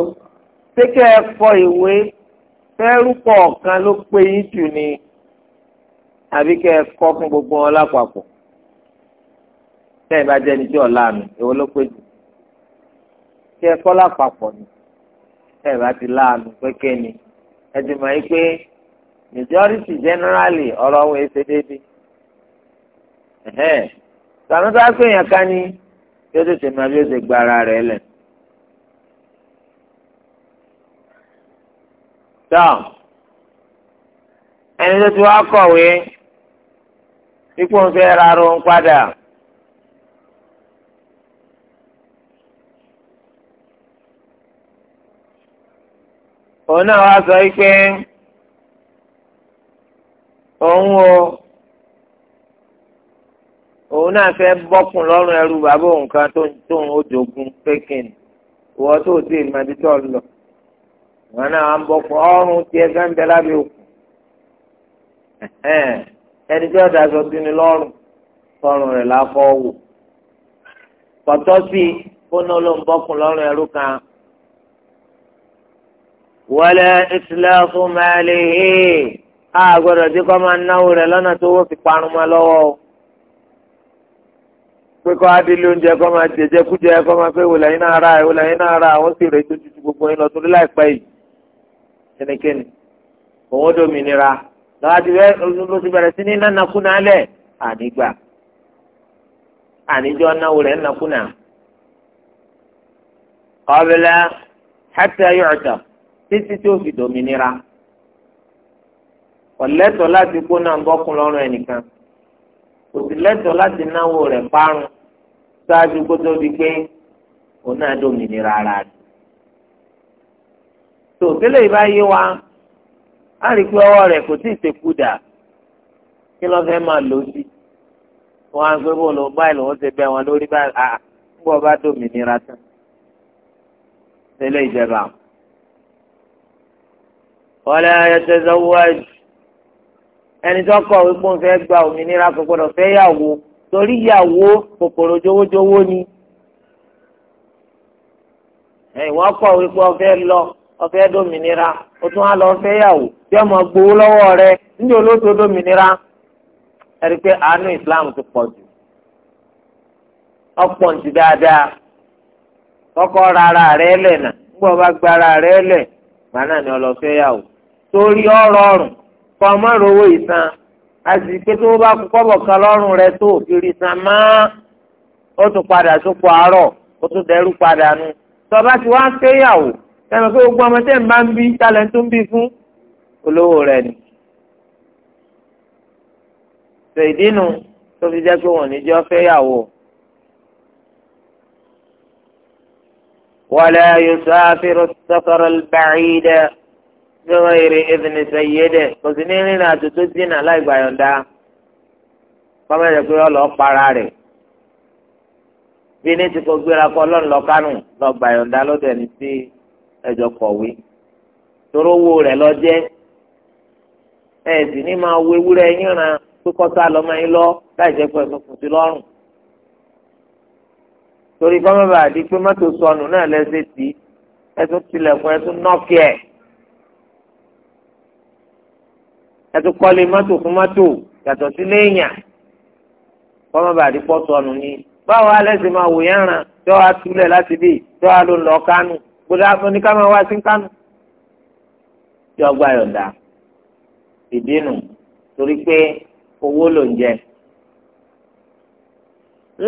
sékẹ́ ẹ fọ ìwé fẹ́rú kọ̀ọ̀kan ló pé yín jù ni àbí kẹ́ ẹ kọ́ fún gbogbo wọn lápapọ̀ tẹ́yìn bá jẹ́ ẹni tí ọ̀la mi èwo ló pé jù kẹ́ ẹ kọ́ lápapọ̀ ni tẹ́yìn bá ti láàánú pẹ́kẹ́ ni ẹ ti mọ̀ yín pé majority generally ọ̀rọ̀ wọn èsè déédéé. sàmúdà pé èèyàn kan ni yóò tètè máa bí ó ṣe gba ara rẹ̀ lẹ̀. tọ́ ẹni tó ti wá kọ̀wé ipò ń fẹ́ ra rohun padà. òun náà wá sọ pé òun o òun náà fẹ́ bọ́kùn lọ́rùn ẹrú bàbá òun kan tó ń tó ń ojogun pékin ìwọ tó o ti ìmọ̀ títọ́ lọ wọn náà ń bọ́kùn ọrùn tiẹ̀ gánbẹ́ lábẹ́ òkun ẹni tí ọ̀dà sọ sí ni lọ́rùn tọrùn rẹ̀ láfọ́ wò pọ̀tọ́ sí fóònù ló ń bọ́kùn lọ́rùn ẹrú kan wọlé ìtìlẹ̀ fún mẹ́lì hì á gbọ́dọ̀ tí kò máa náwó rẹ̀ lọ́nà tó wọ́n fi parun mọ́ lọ́wọ́ o pé kọ́ adélé oúnjẹ kọ́ máa jẹjẹ kújẹ kọ́ máa pé wòlẹ̀ yín náà ra wòlẹ̀ yín náà ra àwọn sì rèé tó tutù gbogbo yín lọ torí láìpẹ́ yìí kẹ́nikẹ́ni òun dòmìnira lọ́wọ́ ti bẹ́ẹ̀ ló ti bẹ̀rẹ̀ sí ní nánakúnà lẹ̀ ànígbà àníjọ́ náwó rẹ̀ nánakúnà. ọ̀bẹ̀lẹ̀ hẹ́tẹ́ yọ̀ọ̀tọ̀ títí tó fi dòmìnira ọ̀lẹ́tọ̀ láti kó náà bọ́kùn lọ́rùn ẹnìkan kò sì lẹ́tọ̀ láti náwó rẹ̀ parun ṣáájú kó tó di pé òun náà dòmìnira ara rẹ̀. tó tẹ́lẹ̀ ìbá yé wa á rí i pé ọwọ́ rẹ̀ kò tí ì ṣekú dà kí ló fẹ́ máa lò sí wọn á gbé bọ́ọ̀lù báyìí lòun ṣe bẹ́ wọn lórí báyìí à ń bọ̀ bá dòmìnira tán tẹ́lẹ̀ ìjẹba. wọlé ayẹtẹsẹ wọ ẹni tó kọ wípé òun fẹ́ gba òmìnira kò gbọdọ̀ fẹ́ yàwó. torí ìyàwó kòkòrò jowójowó ni ìwọ́n kọ̀ wípé ọ̀fẹ́ lọ ọ̀fẹ́ dòmìnira o tún á lọ fẹ́ yàwó bí ọmọ gbowó lọ́wọ́ rẹ níbi olóòtú dòmìnira ẹ̀rí pé àánú Islam ti pọ̀ jù ọ̀pọ̀ ntì dáadáa kọ́kọ́ ra rẹ lẹ̀ nà gbọ́ bá gba rẹ lẹ̀ gbaná ni ọlọ́fẹ́ yàwó torí ọ̀rọ̀ ọ̀rùn kọ́ ọmọ owó ìsan àti pé tó bá kú kọ́bọ̀ kan lọ́rùn rẹ tó fi rí san mọ́ ó tún padà sóko àárọ̀ ó tún dẹrú padà nu tọba ti wá kéyàwó sẹ́mi pé gbogbo ọmọ tẹ́ ń bá ń bí talẹ̀ tó ń bí fún olówó rẹ ni. sọ ìdínú tó fi jẹ́ pé wọ́n ní jọ́ fẹ́yàwó. wala yusafiru as-safara al-ba'ida. gbẹ̀wọ̀n èrè ẹ̀dínì sẹ̀yẹ́dẹ̀ kò sí ní rìnrìn àjò tó dínà láì gbàyọ̀ǹda kọ́mẹ́rẹ́ pé ọ lọ para rẹ̀ bí ní ti kò gbéra kọ́ lọ́nà lọ kánù lọ gbàyọ̀ǹda lọ́dọ̀ ẹni tí ẹjọ́ kọ̀wé wo rẹ̀ lọ jẹ́ ní máa wo ewúrẹ́ yín ran sá lọ́mọ yín lọ láì jẹ́ pé ẹ̀sùn kù sí lọ́rùn torí àdí pé mọ́tò sọnù náà lẹ́sẹ̀ yàtọ̀ kọ́lé mọ́tò fún mọ́tò yàtọ̀ sí léèyàn kọ́mọ́ bàdí pọ̀ sọnù ni báwo alẹ́ sì máa wò yẹn ràn tí wọ́n á túlẹ̀ láti bí tí wọ́n á lò lọ kánú gbọdọ̀ àfọ ní ká wá sí kánú. tí ọgbà yọ̀dà ìdínú torí pé owó ló ń jẹ.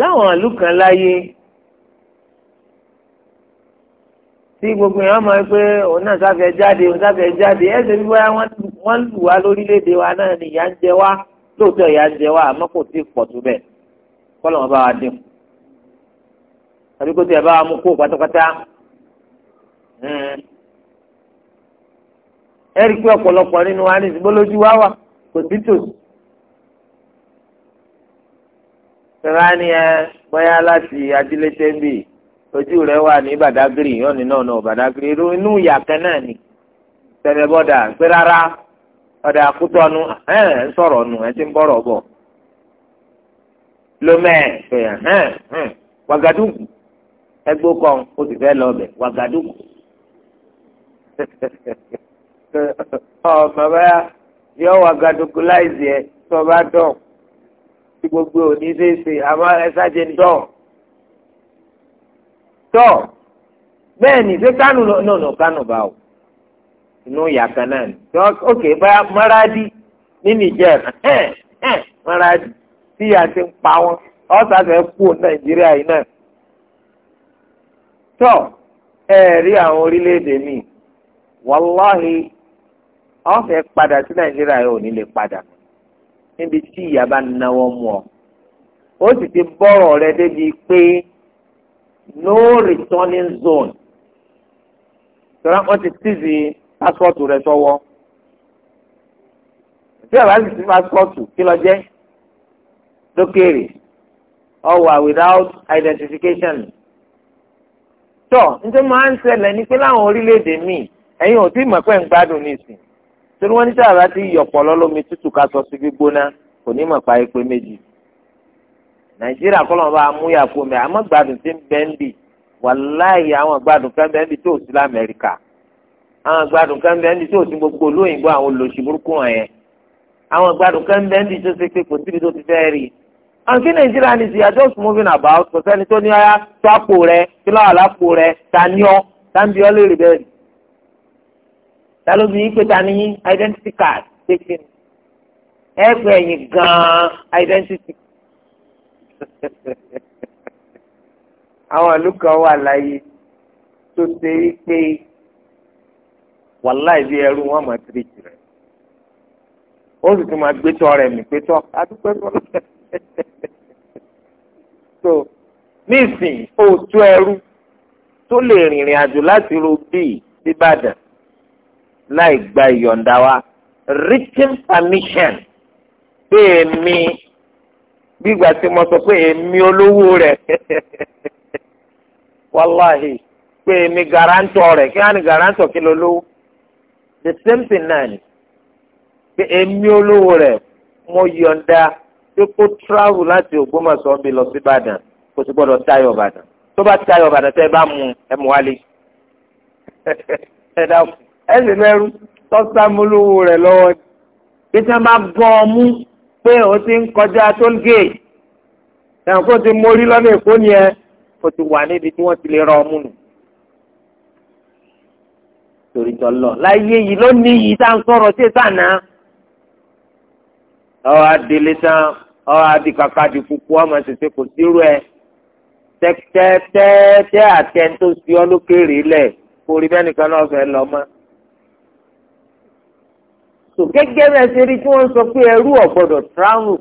láwọn ìlú láyé tí gbogbo yẹn mọ̀ pé òun náà sáfẹ́ jáde òun sáfẹ́ jáde ẹ̀sẹ̀ bí wáyà wọ́n lù wá lórílẹ̀ wa náà ni ìyà ń jẹ wá lóòótọ́ ìyà ń jẹ wá àmọ́ kò tí ì pọ̀ tó bẹ́ẹ̀ kọ́ lọ́wọ́ bá wa dín tàbí kó tiẹ̀ bá wa mú kó pátápátá hmm. ẹ rí i pé ọ̀pọ̀lọpọ̀ nínú wa ní ìsìnkú lójú wà kò sí Sọ̀rọ̀ á ní ẹ bọ́yá láti adílé tẹ́ńbì ojú rẹ wà ní Badagry yóò ní náà náà Badagry inú ìyá kan náà ni tẹlẹbọdà pé rárá ọdà àkútọ́nu ẹ̀ ń sọ̀rọ̀ nù ẹ ti ń bọ̀rọ̀ bọ̀ lomẹ́ẹ̀ fẹ̀ ẹ̀ ẹ̀ Wagadugu ẹgbó kan ó sì fẹ́ lọ bẹ̀ Wagadugu ọ bàbá yọ Wagadugu láìsí ẹ tó bá dọ̀ tí gbogbo òní ṣe é ṣe àmọ́ ẹ sáà ń dọ̀. tọ́ bẹ́ẹ̀ ni ṣé kánù náà nà kánù bá o inú yàtọ̀ náà ni tọ́ òkè bá mọ́rádì ní tí yà ti ń pa wọn ọ̀sàfẹ́ kú nàìjíríà yìí náà tọ́ ẹ rí àwọn orílẹ̀-èdè mi wàláhì ọ̀fẹ́ padà sí nàìjíríà yìí ò ní ọ ó sì ti bọ́rọ̀ rẹ débi pé. no returning zone tọ́lá wọ́n ti tíìsì pásítọ̀tù rẹ̀ sọ́wọ́ tí ọ̀rọ̀ àti ti pásítọ̀tù kí lọ jẹ́ lókèrè ọwà without identification tọ́ nítorí máa ń ṣẹlẹ̀ ní pé láwọn orílẹ̀-èdè míì ẹ̀yin ò tí mọ̀ pé ń gbádùn nísìn torí wọ́n ní tí ọ̀rọ̀ àti yọ̀pọ̀ lọ́lọ́mi tútù ká sọ sí gbígbóná kò ní mọ̀ pa ipe méjì nàìjíríà kọ́ lọ́nà bá mú yàgò mẹ́ àmọ́ gbádùn tí ń bẹ́ ń bì wàláyé àwọn gbádùn kan bẹ́ ń bì tó sí lamẹ́ríkà àwọn gbádùn kan bẹ́ ń bì tó sí gbogbo olóyìnbó àwọn olóṣì burúkú wọn yẹn àwọn gbádùn kan bẹ́ ń tó ṣe pé kò síbi tó ti fẹ́ rí àwọn kí nàìjíríà ní ìsìyà just moving about kò sẹ́ni tó ní ara tó àpò rẹ kí lọ́wọ́ àlápò rẹ ta ni ọ́ ta ń bí ọ́ identity card ṣe kí ni ẹ identity àwọn ìlú kan wà láyé tó ṣe é pé wàláì bí ẹrú wọn máa tiri tirẹ̀ ó sì tún máa gbé tọ́ rẹ̀ mí pé tọ́ adúpẹ́ tọ́ lọ́sẹ̀ so nísìn òtú ẹrú tó lè rìnrìn àjò láti ro bíi síbàdàn láì gba ìyọ̀ǹda wa written permission pé èmi bí ìgbà tí mo sọ pé èmi olówó rẹ̀ wàláhì pé èmi garantọ̀ rẹ̀ kí wọ́n ní garantọ̀ kí ló lówó the same thing náà ni pé èmi olówó rẹ̀ mo yọ̀ǹda pé kó travel láti Ògbómọ̀ṣọ́ bí lọ sí Ìbàdàn kò sì gbọ́dọ̀ táyọ̀ Ìbàdàn tó bá táyọ̀ Ìbàdàn tẹ́ ẹ bá mú ẹ mú wálé ẹ dákun ẹ sì lẹ́rú tọ́sàmúlówó rẹ̀ lọ́wọ́ bí tí bá bọ́ ọ mú pé o ti ń kọjá tóńgéètì ẹ̀hún kó ti mórí lọ́nà èkó ni ẹ kó ti wà níbi tí wọ́n ti lè rọ ọmú nù. torí tọ́lọ̀ láyé yìí ló ní yìí tá à ń sọ̀rọ̀ sí sànà. ọ̀ adìlẹ̀ tán ọ̀ adì kàkà di kúkú ọmọ tètè kò sírú ẹ̀ tẹ́tẹ́tẹ́ àtẹ́ńtò sí ọ lókèrè lẹ̀ kórìí bẹ́ẹ̀ nìkan náà fẹ́ lọ so gẹ́gẹ́ bẹ́ẹ̀ ṣe rí tí wọ́n sọ pé ẹrú ọ̀gbọ́dọ̀ tíráwù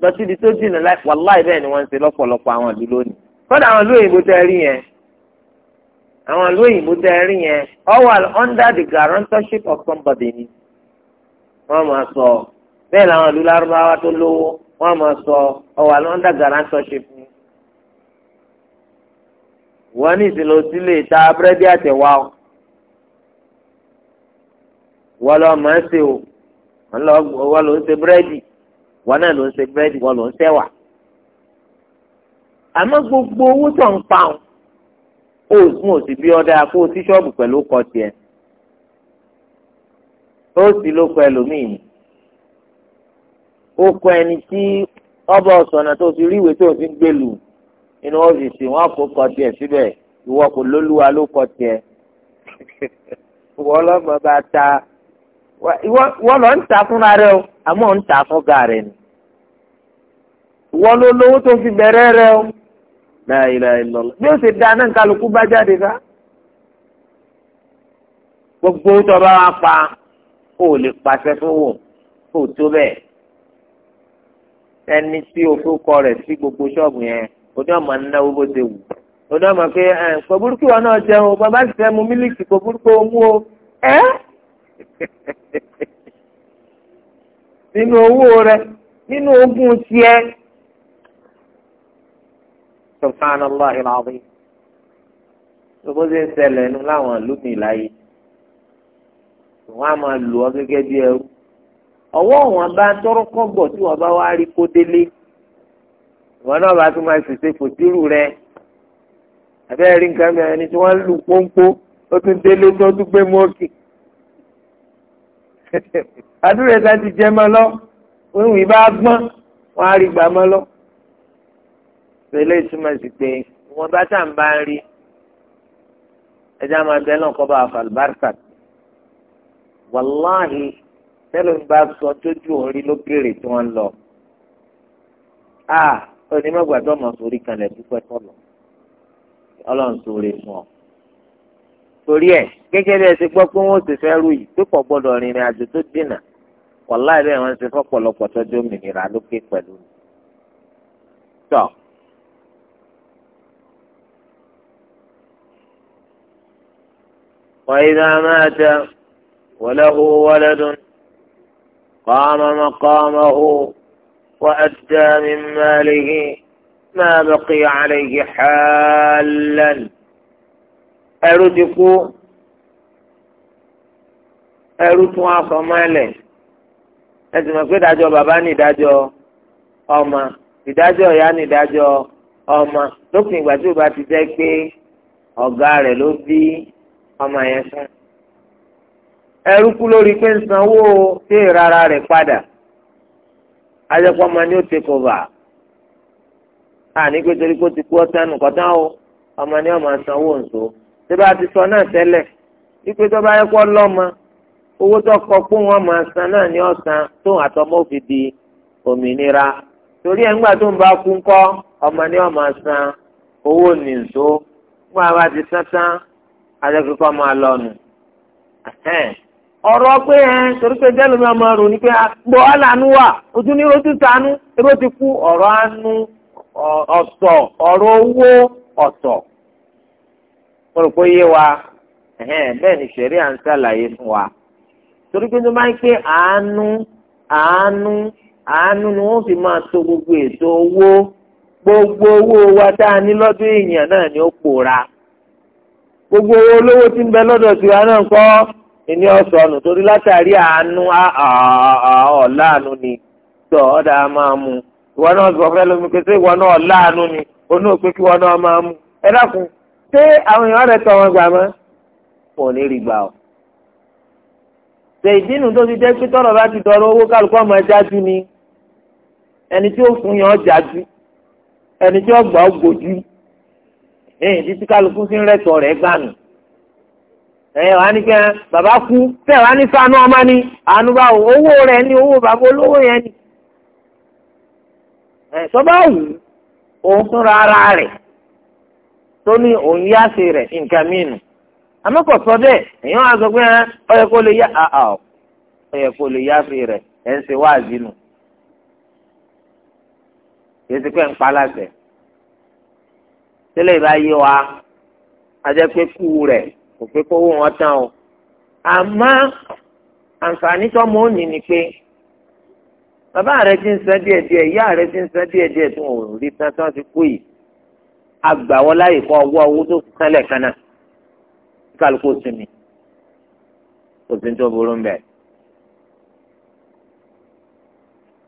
lọ sí ibi tó jìnnà láì wàláì bẹ́ẹ̀ ni wọ́n ń ṣe lọ́pọ̀lọpọ̀ àwọn ìlú lónìí kọ́dà àwọn ìlú òyìnbó tẹ́ rí yẹn àwọn ìlú òyìnbó tẹ́ rí yẹn all under the guarantorship of somebody ni wọ́n máa sọ bẹ́ẹ̀ làwọn ìlú lárúbáwá tó lówó wọ́n máa sọ all under guarantorship ni wọ́n ní ìsìlò sílé ta búrẹ́dì àtẹ̀wá o wọ́n lọ mọ̀ ẹ́ ṣe o wọ́n lọ ń ṣe búrẹ́dì wọ́n náà ló ń ṣe búrẹ́dì wọ́n lọ ń ṣẹ́wà. àmọ́ gbogbo owó tó ń pa ọ́n oògùn òsì bí ọ̀dà kó o sí ṣọ́ọ̀bù pẹ̀lú ọkọ̀ tiẹ̀ ó sì ló kọ ẹlòmíì ni ó kọ ẹni tí ọba ọ̀sọ̀nà tó ti rí ìwé tó ti ń gbèlú inú ọ́fíìsì wọn kò kọ tiẹ̀ síbẹ̀ ìwọ kò lólúwa ló kọ tiẹ̀ ìwọ ọlọ́mọ ta wọ́n lọ ń ta fúnra rẹ o àmọ́ ń ta fún gàrẹ́ ni wọ́n ló lówó tó fi bẹ̀rẹ̀ rẹ o láìláì lọ́lọ́ bí ó ṣe dáa náà kálukú bá jáde ká gbogbo tó bá wá pa ó lè pàṣẹ fún wò kó tó bẹ́ẹ̀ ẹni tí o fún kọ rẹ̀ sí gbogbo ṣọ́ọ̀bù yẹn oní ọmọ náwó bó ṣe wù oní ọmọ pé ẹ kò burúkú wọn náà jẹun bàbá sì fẹ́ mu mílíkì kò burúkú o mú o ẹ́. nínú owó rẹ nínú ogún tiẹ̀ subhanallah alazim gbogbo ṣe ń ṣẹlẹ̀ nu láwọn ìlú mi láyé wọ́n á máa lò ọ́ gẹ́gẹ́ bí ẹrú ọwọ́ wọn bá tọrọ kọ́bọ̀ tí wọ́n bá wá rí kó délé ìwọ náà bá tún máa ṣèṣe fòtírù rẹ abẹ́rẹ́ rí nǹkan mẹ́rin tí wọ́n lù pọ́npọ́ ó tún délé tó tún gbé mọ́ọ̀kì àdúrà ẹ̀ka ti jẹ́ mọ́ lọ òun ìbá gbọ́n wọn á rí gbà mọ́ lọ. pẹ̀lú ìtumọ̀ sí pé wọn bá tà ń bá ń rí ẹja máa bẹ náà kọ́ bá àfàlùbáràkà wàláhì tẹ́lẹ̀ ń bá sọ tójú òun rí lókèrè tí wọ́n lọ. a ah, onímọ̀gbàdọ́ mọ̀ sórí kan lẹ̀ dúpẹ́ tọ́lọ̀ ọlọ́run sóore fún ọ. torí ẹ̀ gẹ́gẹ́ bí ẹ ti gbọ́ pé wọ́n ti fẹ́ rú yìí tó pọ gbọ́dọ̀ rìnrìn àjò tó dènà wàláì bẹ́ẹ̀ wọ́n ti fọ́pọ̀lọpọ̀ tọ́jú òmìnira lókè pẹ̀lú. mi. tọ́ wọ́n yìí náà máa jẹ wọlé وإذا مات وله ولد قام مقامه وأدى من ماله ما بقي عليه حالا ẹrú ti kú ẹrú tún afọmọ ẹlẹ ẹsìn mọ̀ pé ìdájọ́ bàbá ní ìdájọ́ ọmọ ìdájọ́ ìyá ní ìdájọ́ ọmọ lópin ìgbà tí o bá ti jẹ́ pé ọ̀gá rẹ̀ ló bí ọmọ yẹn fún ẹrú kú lórí pé ń sanwó tí ìrara rẹ̀ padà ajẹ́pọ̀ ọmọ ni ó ti kò bá a ní pé torí kó ti kú ọ̀tá nù kọ́tá o ọmọ ni ọmọ sanwó nso tí bá ti sọ náà tẹ́lẹ̀ wípé tó bá yẹ kó lọ́mọ owó tó kọ pé wọ́n máa san náà ní ọ̀sán tó àtọmọ́ fi di òmìnira torí ẹ̀ ńgbà tó ń bá kú ńkọ́ ọmọ ni wọ́n máa san owó nìṣó ńgbà bá ti sán tán adékòkò máa lọ nù ọ̀rọ̀ pé ẹ torí pé jẹ́ lómi ọmọ rò ní pé gbọ́ àlànú wà ojú ní rojú tánú eró ti kú ọ̀rọ̀ àánú ọ̀tọ̀ ọ̀rọ̀ owó ọ̀tọ̀ mo rò pé yé wa bẹ́ẹ̀ ni sẹ̀rí à ń ṣàlàyé fún wa torí pé tó ń pé àánú àánú àánú ni wọ́n fi to gbogbo ètò owó gbogbo owó wa tá a náà ni ó pòórá gbogbo owó olówó tí ń bẹ lọ́dọ̀ tiwa náà kọ́ ìní ọ̀sọ̀nù torí látàrí àánú ọ̀làánú ni tọ́ ọ̀dà máa mú ìwọ náà sọ ni onú òpin kí ìwọ náà máa ṣé àwọn èèyàn rẹ̀ tọ̀ wọn gbà mọ́ pọ̀ ní rí gbà ọ́. ṣe ìdínú tó ti jẹ́ pé tọ́rọ̀ bá ti dọ̀rọ̀ owó kálukọ́ ọmọ ẹja jú ni ẹni tí ó fún yàn ọjà jú ẹni tí ó gbà ó gbòjú ẹ̀yìn títí kálukú sí ń rẹ̀tọ̀ rẹ̀ gbànú. ẹ̀yìn wá ní kẹ́ bàbá kú tẹ̀ wá ní sànú ọmọ ni àánú bá owó rẹ̀ ní owó bàbá olówó yẹn ni. ẹ̀ sọ́bà wù òun fúnra ara rẹ̀ tó ní òun yá ṣe rẹ̀ nǹkan mìíràn amẹ́kọ̀ sọ bẹ́ẹ̀ èèyàn á sọ pé ọ yẹ kó lè yá àà ọ yẹ kó lè yá ṣe rẹ̀ ẹ̀ ń ṣe wáàzì nù yẹsi pé ń pa aláṣẹ tẹ́lẹ̀ bá yé wa ajẹ́ pé kú rẹ̀ kò pé kówó wọn tán o àmọ́ àǹfààní tó mọ́ òní ni pé bàbá rẹ ti ń sẹ́ díẹ̀díẹ̀ ìyá rẹ ti ń sẹ́ díẹ̀díẹ̀ tó ń rí tán tán ti kú yìí àgbà wọn láyè kọ́ ọwọ́ owó tó sẹ́lẹ̀ kan náà kálukú sinmi kò sí tó burú ń bẹ̀.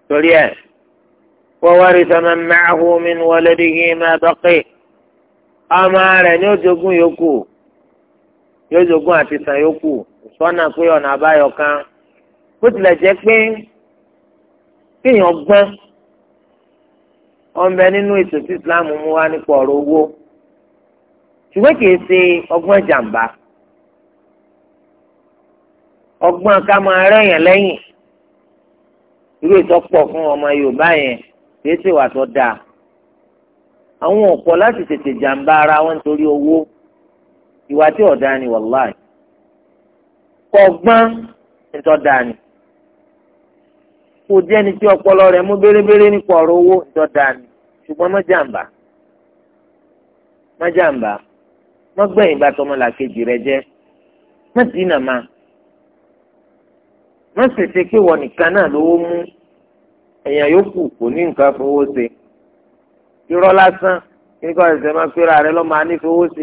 torí ẹ̀ wọ́n wá rí sọ́mọ́ máàhù min waladihi máa baqi ọmọ rẹ̀ ní ojogún yòókù yóò jogún àti sàn yòókù sọ́nà pé ọ̀nà àbáyọ kan bó tilẹ̀ jẹ́ pé kéèyàn gbọ́n ọ̀nbẹ nínú ètò tí islam mú wá nípa ọ̀rọ̀ owó ṣùgbọ́n kìí ṣe ọgbọ́n jàǹbá ọgbọ́n ká máa rẹ̀yàn lẹ́yìn irú ìtọ́pọ̀ fún ọmọ yorùbá yẹn kìí ṣe wà tó dáa àwọn ọ̀pọ̀ láti tètè jàǹbá ara wọn nítorí owó ìwà tí ọ̀dà ni wàláì kọ̀ọ̀gbọ́n ń ni kò jẹ́ ni tí ọpọlọ rẹ̀ mú bérebére nípa ọ̀rọ̀ owó dọ̀dà ni ṣùgbọ́n má jàǹbá má jàǹbá má gbẹ̀yìn bá tọmọlàkejì rẹ jẹ́ má dínà má má ṣèṣe pé wọ́n nìkan náà lówó mú èèyàn yòókù kò ní nǹkan fowó ṣe irọ́ lásán kíkọ́ ẹ̀sẹ̀ máa pera rẹ lọ́mọ anífowó ṣe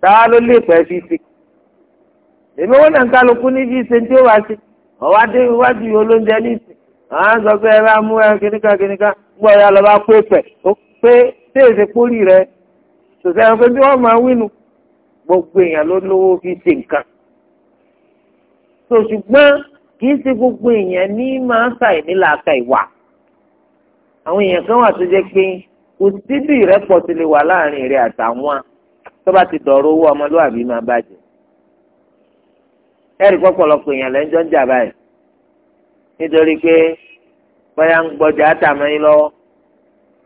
táwa ló lè pẹ́ fi ṣe èmi wọn náà kálukú ní bí wá ṣe ọ̀wá iwájú olóúnjẹ ní ìsìn àá sọ pé ẹ bá mú ẹ kìnníkà kìnníkà gbọ́ ya lọ bá pé pẹ̀ ó pé téèsè pórí rẹ ṣòṣẹ́ ẹ pé bí wọ́n máa wínú gbogbo èèyàn ló lówó fi ṣe nǹkan so ṣùgbọ́n kì í ṣe gbogbo èèyàn ní máa ń ṣàì ní làákà ìwà àwọn èèyàn kan wà tó jẹ́ pé kò sí bí ìrẹ́pọ̀ ti lè wà láàrin rẹ̀ àtàwọn tó bá ti dọ̀rọ̀ owó ọmọlúwàbí máa bàjẹ́ ẹ̀rí pọ̀pọ̀lọpọ̀ èèyàn lẹ́jọ́ ń jà báyìí nítorí pé bóyá ń gbọ́dọ̀ àtàmọ́ yín lọ́wọ́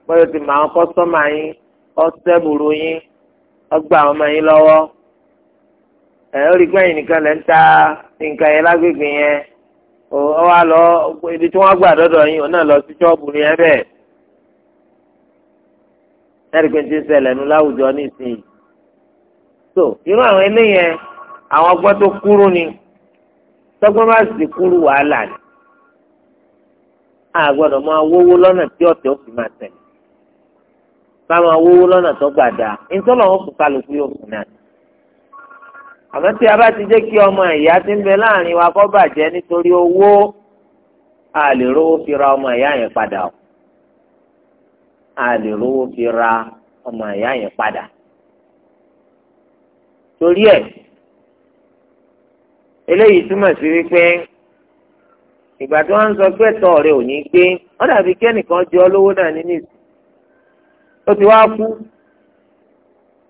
bóyá ti máa kọ́sọ́mà yín ọ̀sẹ́bùrú yín ọgbà ọmọ yín lọ́wọ́ ẹ̀ ó rí pẹ́yìn nìkan lẹ́ ń ta nǹkan yẹn lágbègbè yẹn ọ wá lọ ibi tí wọ́n gbà dọ́dọ̀ yín òun náà lọ sí ṣọ́ọ̀bù yẹn bẹ́ẹ̀ ẹ̀rí pé ti ń ṣẹlẹ̀ nu láwùjọ nísìnyí so irú àwọn eléyẹn àwọn ọgbọ́n tó kúrú ni tọ́gbọ́n bá sì kúrú wàhálà ni a gbọ́dọ̀ máa wówó lọ́nà tí ọ̀tẹ̀ ó fi máa tẹ̀lé ká máa wówó lọ́nà tó gbàdá ìtọ́lọ̀ ó kùn kálukú yóò kùn náà. àmọ́ tí a bá ti jẹ́ kí ọmọ ìyá ti ń bẹ láàrin wa kọ́ bàjẹ́ nítorí owó a lè rówó fi ra ọmọ ìyá yẹn padà o a lè rówó fi ra ọmọ ìyá yẹn padà. torí ẹ̀ eléyìí túmọ̀ sí wípé ìgbà tí wọ́n ń sọ pé tọ̀ rẹ̀ ò ní gbé wọ́n dàbí kẹ́nìkan jẹ ọ́ lówó náà nínú ìsìn ó ti wá kú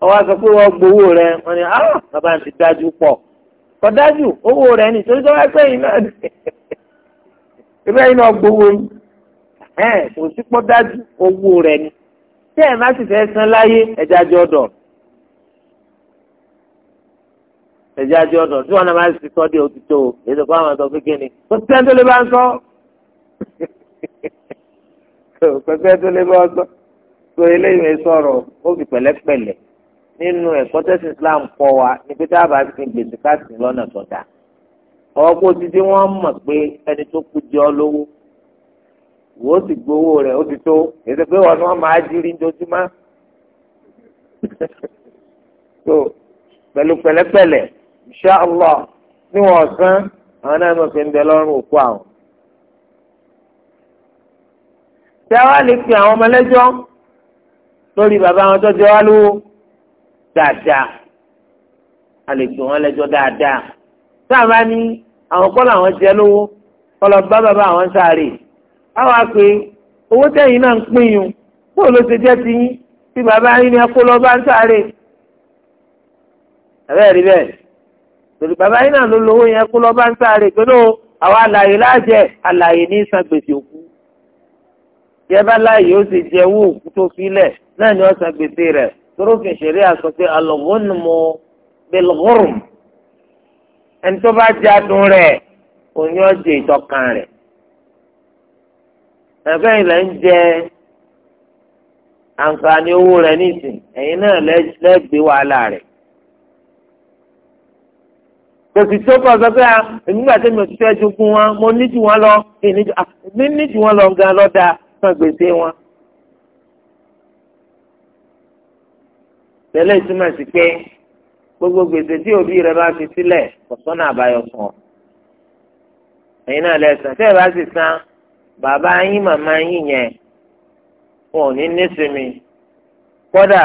ọwọ́ sọ pé wọ́n gbowó rẹ̀ wọ́n ní ah bàbá ti dájú pọ̀ kò dájú owó rẹ̀ ní torí sọ́wọ́ ẹgbẹ́ yìí náà ẹgbẹ́ yìí náà gbowó yìí ẹ̀ kò sí pọ́ dájú owó rẹ̀ ni tẹ́ ẹ̀ má sì fẹ́ san láyé ẹ̀dájọ́ dọ̀rọ̀ ẹ̀jẹ̀ àti ọ̀dọ̀ tí wọn náà máa ti sọ́ di òtítọ́ o èdè kó àwọn sọ pé kíni kò sí ẹni tó lè bá ń sọ kò sí ẹni tó lè bá ń sọ tó eléyìí sọ̀rọ̀ ó fi pẹ̀lẹ́pẹ̀lẹ́ nínú ẹ̀kọ́ tẹ́sí Islam kọ́ wa ní pé táàbà ti fi gbèsè káàsì lọ́nà tọ̀dà ọwọ́ kó ti dé wọ́n mọ̀ pé ẹni tó kú jẹ́ ọ lówó wò ó sì gbowó rẹ̀ ó ti tó èdè pé wọn máa jírí ojoojúmọ́ so pẹ̀lú pẹ̀lẹ́pẹ̀lẹ́ inshallah níwọ̀n ọ̀sán àwọn náà mọ̀ pé ń bẹ lọ́rùn òkú àwọn. tẹ́ wá lè fi àwọn ọmọ lẹ́jọ́ lórí bàbá wọn tó jẹ wá lówó dáadáa a lè fi wọn lẹ́jọ́ dáadáa sáàmà ni àwọn kọ́ làwọn jẹ lówó ọlọ́ba bàbá àwọn sáré àwọn àpè owó tẹ̀yìn náà ń pín yín bóò ló ṣe jẹ́ ti yín tí bàbá yín ni ẹ kó lọ́ọ́ bá ń sáré. ẹ̀rẹ́ bẹ́ẹ̀ torí bàbá yín náà ló lówó yẹn kó lọ́ọ́ bá ń sáré pé ló àwọn àlàyé láàjẹ àlàyé ní san gbèsè òkú jẹ bá láàyè ó sì jẹ owó òkú tó filẹ̀ náà ni ó san gbèsè rẹ̀ torófin ṣeré àsọ pé alọ́gọ́nùmọ́ bẹ́lọ́gọ́rùn ẹni tó bá jẹ adùn rẹ̀ òní ọ̀jẹ̀ ìtọ́kàn rẹ̀ ẹ̀fẹ́ ilẹ̀ ń jẹ àǹfààní owó rẹ̀ nísìn ẹ̀yin náà lẹ́gbẹ̀ẹ́ wàhálà rẹ̀ kò sì tó kọ sọ pé à ah, nígbà tí mo ti fẹ́ jogún wọn mo ní jù wọn lọ mi ní jù ah, wọn lọ gan lọ́dà san gbèsè wọn. tẹ́lẹ̀ túmọ̀ sí pé gbogbo gbèsè tí òbí rẹ bá fi sílẹ̀ kò sọ́nà àbáyọ fún ọ. ẹ̀yin náà lẹ́sàn tẹ́ ẹ bá sì san bàbá yín màmá yín yẹn wọn ò ní nísinmi kódà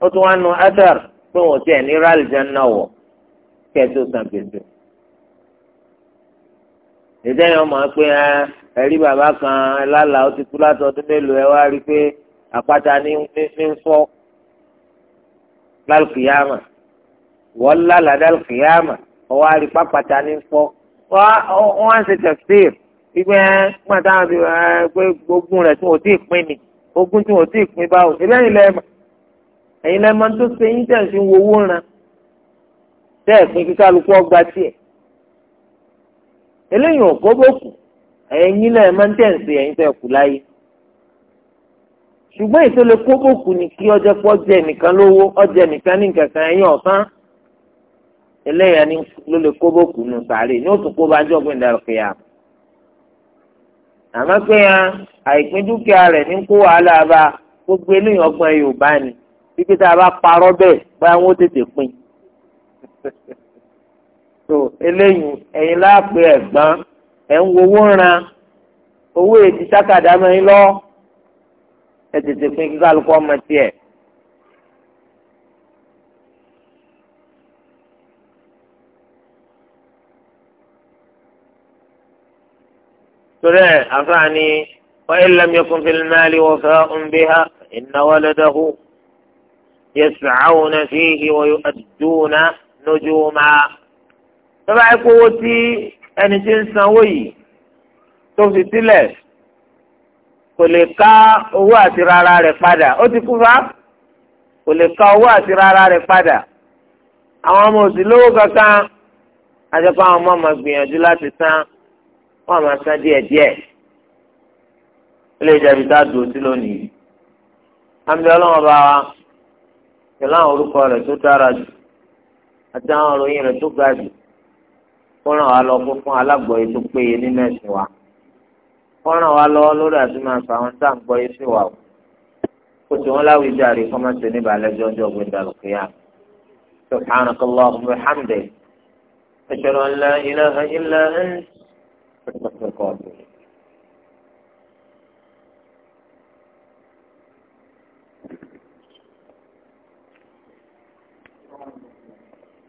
ó tún wá nu ádàr pé wọn ò tiẹ̀ ní rálì jẹ́ náà wọ̀ kẹtó san gbèsè ìdẹ́yìn ọmọ pé ẹ̀rí bàbá kan lálàá ó ti kú láti ọdún mélòó ẹ wá rí i pé àpáta ní ń fọ́ lálùkìyàmà wọ́n lálàá lálùkìyàmà ọwọ́ àrí pápáta ní ń fọ́ wọ́n á ṣe tẹ̀síìr gbígbẹ́ pọ́n táwọn ti pé ogún rẹ̀ tí wọ́n ti pín ni ogún tí wọ́n ti pín báwo ìlẹ́yìn lẹ́ẹ̀mọ́ ẹ̀yin lẹ́ẹ̀mọ́ tó ṣe yín tẹ̀sí owó ran tẹ́ ẹ̀ pín kíkálukú ọgbà tiẹ̀ eléyìí ò kó bókù ẹ̀yin náà máa ń tẹ̀sí ẹ̀yin tẹ̀ kú láyé ṣùgbọ́n ètò lè kó bókù ni kí ọjọ́ pọ̀ jẹ́ nìkan lówó ọjọ́ nìkan ní kankan ẹ̀yin ọ̀sán eléyìí ni ló lè kó bókù nù sàárè ní òtún kó bá jọ́ gbẹ̀ndà kìyà àmọ́ pé àìpín dúkìá rẹ̀ ní kó wàhálà bá gbogbo eléyìí ọgbọ́n Yorùbá ni bí pé tá a bá parọ́ bẹ́ẹ̀ báyà wọ́n tètè pín so eléyìí ẹ̀yin láàpẹ ẹ̀gbọ́n ẹ̀ ń wowó ran owó èdè sákàdá mẹ́rin lọ ẹ̀ tètè pín kíkọ́ alùpùpù ọmọ tiẹ̀. torí ẹ̀ àfààní wọ́n ilẹ̀ mẹ́kùn fi máàlì wọ́n fẹ́ ń bí ha ìnáwó nujuma tó bá yẹ kó owó tí ẹni tí ń sanwó yìí tó fi sílẹ̀ kò lè ká owó àti rárá rẹ̀ padà ó ti kú fa kò lè ká owó àti rárá rẹ̀ padà àwọn ọmọ òsì lówó kankan àjẹpọ̀ àwọn ọmọ máa gbìyànjú láti san wọ́n máa san díẹ̀díẹ̀ ilé ìjẹ̀bi tá a dùn sí lónìí àmì ọlọ́wọ́n bá wa pẹ̀lú àwọn orúkọ rẹ̀ tó dára jù àti àwọn òròyìn rẹ̀ tó ga jù kó ràn wá lọ fún fún alágbọ̀ọ́yé tó péye nínú ẹ̀sìn wa kó ràn wá lọ́wọ́ lórí àti máa fa àwọn tá à ń gbọ́ yé sí wa o kó tí wọ́n láwùí jáde kó má ṣe níbàálẹ̀ jọjọ́ gbẹ̀dà lùkìyà سبحانك اللهم وبحمدك أشهد أن لا إله إلا أنت أستغفرك وأتوب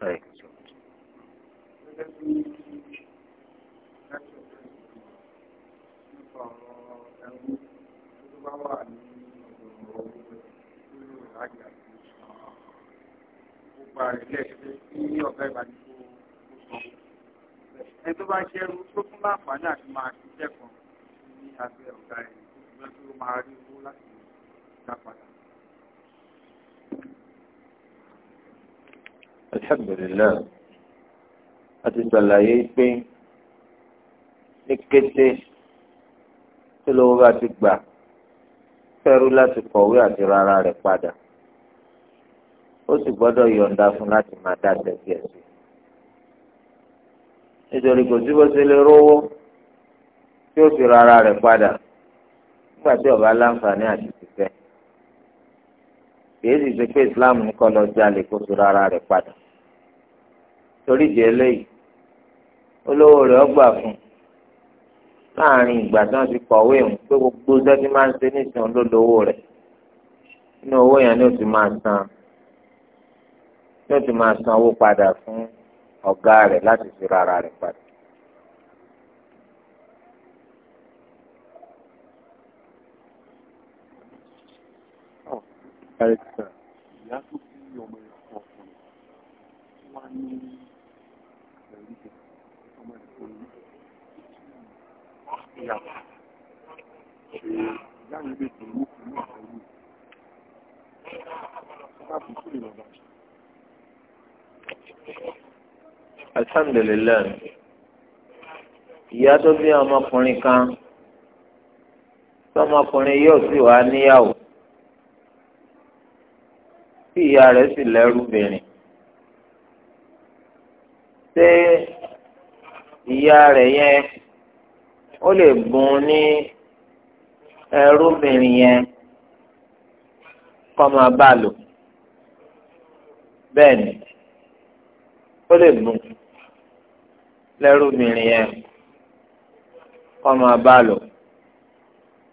ẹ tó bá ṣe ẹrú tó fún láǹfààní àti máa ṣiṣẹ́ kan ní abẹ́ ọ̀gá ẹ̀ tó máa rí owó láti dá padà. alhamdulillah a ti ṣàlàyé pé ní kété tí lówó bá ti gbà fẹ́rú láti kọ̀wé àti rárá rẹ̀ padà ó sì gbọ́dọ̀ yọ̀ǹda fún láti máa dá tẹ̀sí ẹ̀sìn nítorí kò sí bó ṣe lè rówó tí ó fi rárá rẹ̀ padà nígbà tí ọba láǹfààní àti ti fẹ́ kìí sì ṣe pé islam nìkan lọ jalè kó sọ rárá rẹ̀ padà torí ìdí eléyìí olówó rẹ̀ ọgbà fún láàrin ìgbà tí wọ́n ti kọ̀wé òun pé gbogbo sẹ́tí máa ń ṣe nísìnyí olólówó rẹ̀ nínú owó yẹn ni ó ti máa san ni ó ti máa san owó padà fún ọ̀gá rẹ̀ láti sọ rárá rẹ̀ padà. Àìsàn ìyá tó bí ọmọ ẹ̀kọ́ ọkùnrin tí wọ́n ní ẹ̀rí ọmọ ẹ̀kọ́ yìí. Ìyá ṣe ìyá mi lè dùn ìyá ẹ̀rí. Ṣé kí ìyá tó bí ọmọkùnrin kan, tọmọkùnrin yóò sì wá níyàwó tí ìyá rẹ̀ sì lẹ́rúbìnrin ṣé ìyá rẹ̀ yẹn ó lè bùn ní ẹrúbìnrin yẹn kọ́ máa bá lò bẹ́ẹ̀ ni ó lè bùn lẹ́rúbìnrin yẹn kọ́ máa bá lò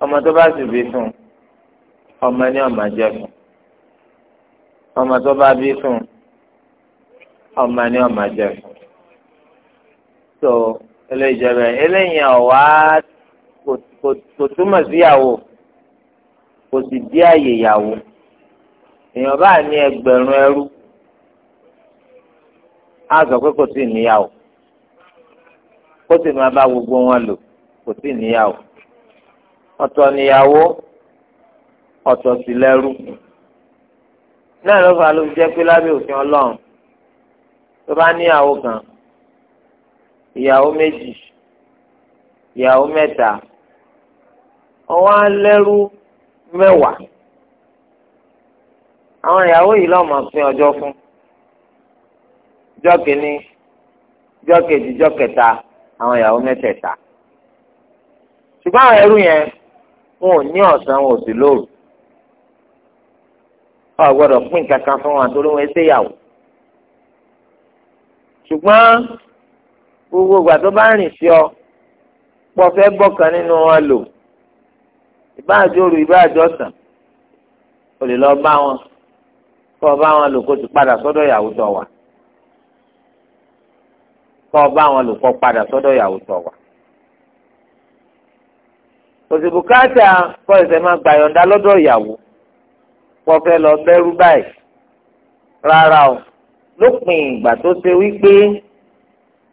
ọmọ tó bá sì bí fún ọmọ ní ọmọ jẹ fún ọmọ tó bá bí fún ọmọ ni ọmọ jẹ fún so eléyìí jẹ bẹ́ẹ̀ eléyìí ọwá kò túmọ̀ síyàwó kò sì dí àyè ìyàwó èèyàn bá ní ẹgbẹ̀rún ẹrú á sọ pé kò sí níyàwó kó sì máa bá gbogbo wọn lò kò sí níyàwó ọ̀tọ̀ níyàwó ọ̀tọ̀ sì lẹ́rú náà ló fà ló fi jẹ́ pé lábẹ́ òfin ọlọ́run tó bá níyàwó kan ìyàwó méjì ìyàwó mẹ́ta ọwọ́ alẹ́rú mẹ́wàá àwọn ìyàwó yìí lọ́mọ pín ọjọ́ fún jọ́ kìíní jọ́ kejì jọ́ kẹta àwọn ìyàwó mẹ́tẹ̀ẹ̀ta ṣùgbọ́n àwọn ẹrú yẹn wọn ò ní ọ̀sán wọn ò sì lóru ọ gbọ́dọ̀ pín kankan fún wọn àtòrí wọn ẹsẹ yàwó ṣùgbọ́n gbogbo ìgbà tó bá rìn sí ọ pọ̀ fẹ́ bọkàn nínú wọn lò ìbáàjọ òru ìbáàjọ ọ̀sán o lè lọ bá wọn kọ bá wọn lò kó ti padà sọ́dọ̀ ìyàwó tó wà kọ bá wọn lò kó padà sọ́dọ̀ ìyàwó tó wà òsì bùkátà kọ ẹsẹ máa gbàyọ̀ǹda lọ́dọ̀ ìyàwó wọ́n fẹ́ lọ bẹ́rú báyìí rárá o lópin ìgbà tó ṣe wípé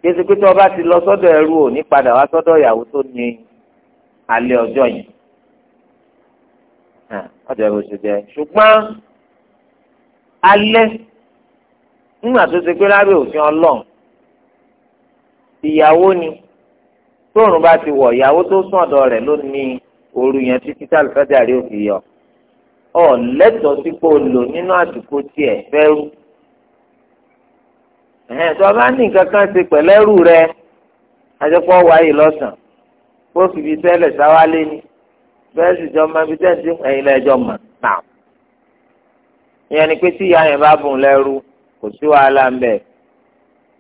jésù pé tí wọ́n bá ti lọ sọ́dọ̀ ẹrú ò ní padà wá sọ́dọ̀ ìyàwó tó ní alẹ́ ọjọ́ yìí ọjọ́ ìbò ṣe jẹ́ ṣùgbọ́n alẹ́ nígbà tó ṣe pé lábẹ́ òfin ọlọ́run ìyàwó ni tóòrùn bá ti wọ̀ ìyàwó tó sún ọ̀dọ̀ rẹ̀ ló ní òru yẹn títí tá àlùfáàjà rí òfin yọ ọ̀ lẹ́tọ̀ọ́ sí pé o lò nínú àsìkò tiẹ̀ fẹ́rú. ẹ̀hẹ́n tó o bá ní nǹkan kan ṣe pẹ̀lẹ́rù rẹ àjẹpọ̀ wáyé lọ́sàn kó o fìdí sẹ́lẹ̀ sáwálé ni bẹ́ẹ̀ sì jọ máa fi tẹ́ǹtì ẹ̀yin lẹ́jọ́ mọ̀ náà. ìyẹn ni pé tí ìyá yẹn bá bùn lẹ́rú kò sí wàhálà ń bẹ̀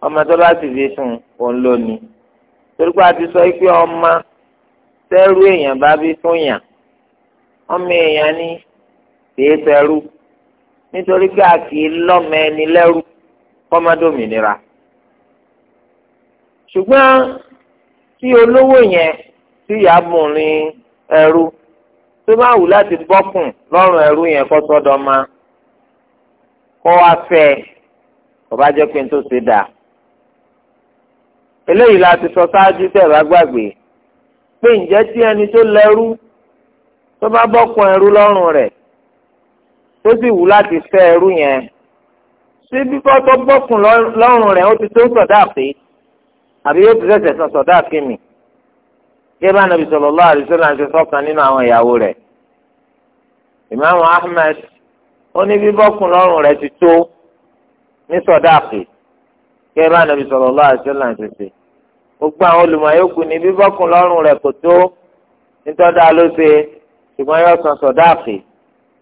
ọmọ tó bá sì fi sùn òun lónìí torí pé a ti sọ pé ọmọ tẹ́rù èèyàn bá bí fún yàn ọmọ èèyàn ní kìí ṣẹrú nítorí pé a kìí lọ́mọ ẹni lẹ́rú kọ́mọdómìnira ṣùgbọ́n tí olówó yẹn tí ìyá mú ní ẹrú tó bá wù láti bọ́kùn lọ́rùn ẹrú yẹn kó sọ́dọ̀ ma kó wá fẹ́ kó bá jẹ́ pé n tó ṣe dà eléyìí la ti sọ ṣáájú tẹ̀ bá gbàgbé pé ǹjẹ́ tí ẹni tó lẹ́rú tó bá bọ́kùn ẹrú lọ́rùn rẹ̀ tó sì wù láti fẹ́ ẹrú yẹn ṣé bíbọ́ tó bọ́kùn lọ́rùn rẹ̀ ó ti tó sọ̀dá àpè àbí yóò ti sẹ̀sẹ̀ sọ sọ̀dá àpè mi kí ẹ bá nàbì sallallahu alaihi wasallam ṣe sọ́kàn nínú àwọn ìyàwó rẹ̀ ìmáàmù Ahmed ó ní bíbọ́kùn lọ́rùn rẹ̀ ti tó ní sọ̀dá àpè kí ẹ bá nàbì sallallahu alaihi wasallam ṣe ṣe gbogbo àwọn olùmọ̀ ní bíbọ́kùn lọ́rùn rẹ̀ kò tó nítọ́dá ló ṣe ṣùgbọ́n yóò san sọ̀dá àpè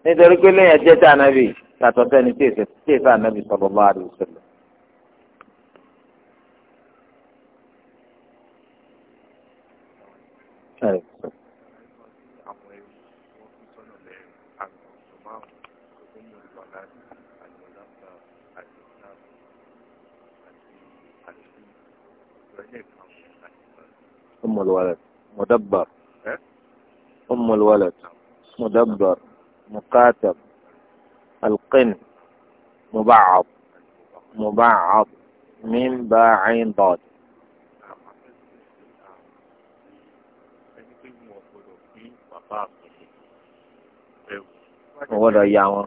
nítorí pé lẹ́yìn ẹjẹ́ tí ànábì yàtọ̀ sẹ́ni tí èsè tí èsè ànábì sallallahu alaihi wasallam. أم الولد مدبر أم الولد مدبر مكاتب القن مبعض مبعض من باع ضاد wọ́n gbọ́dọ̀ ya wọn.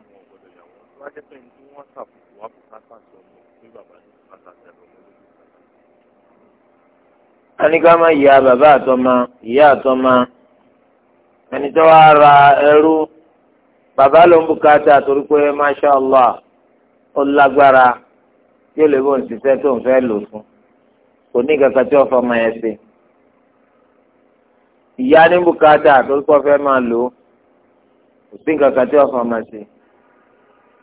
ẹni ká máa ya bàbá àtọ́mọ ìyá àtọ́mọ ẹni tó wá ra ẹrú. bàbá ló ń bùkátà torí pé masha allah ó lágbára tí lè bó ń ṣiṣẹ́ tó ń fẹ́ lò fún kò ní kankan tí wọ́n fọmọ yẹn ṣe ìyá ní bùkátà torí pé wọ́n fẹ́ máa lò kò sí kankan tí wọ́n fọmọ ṣe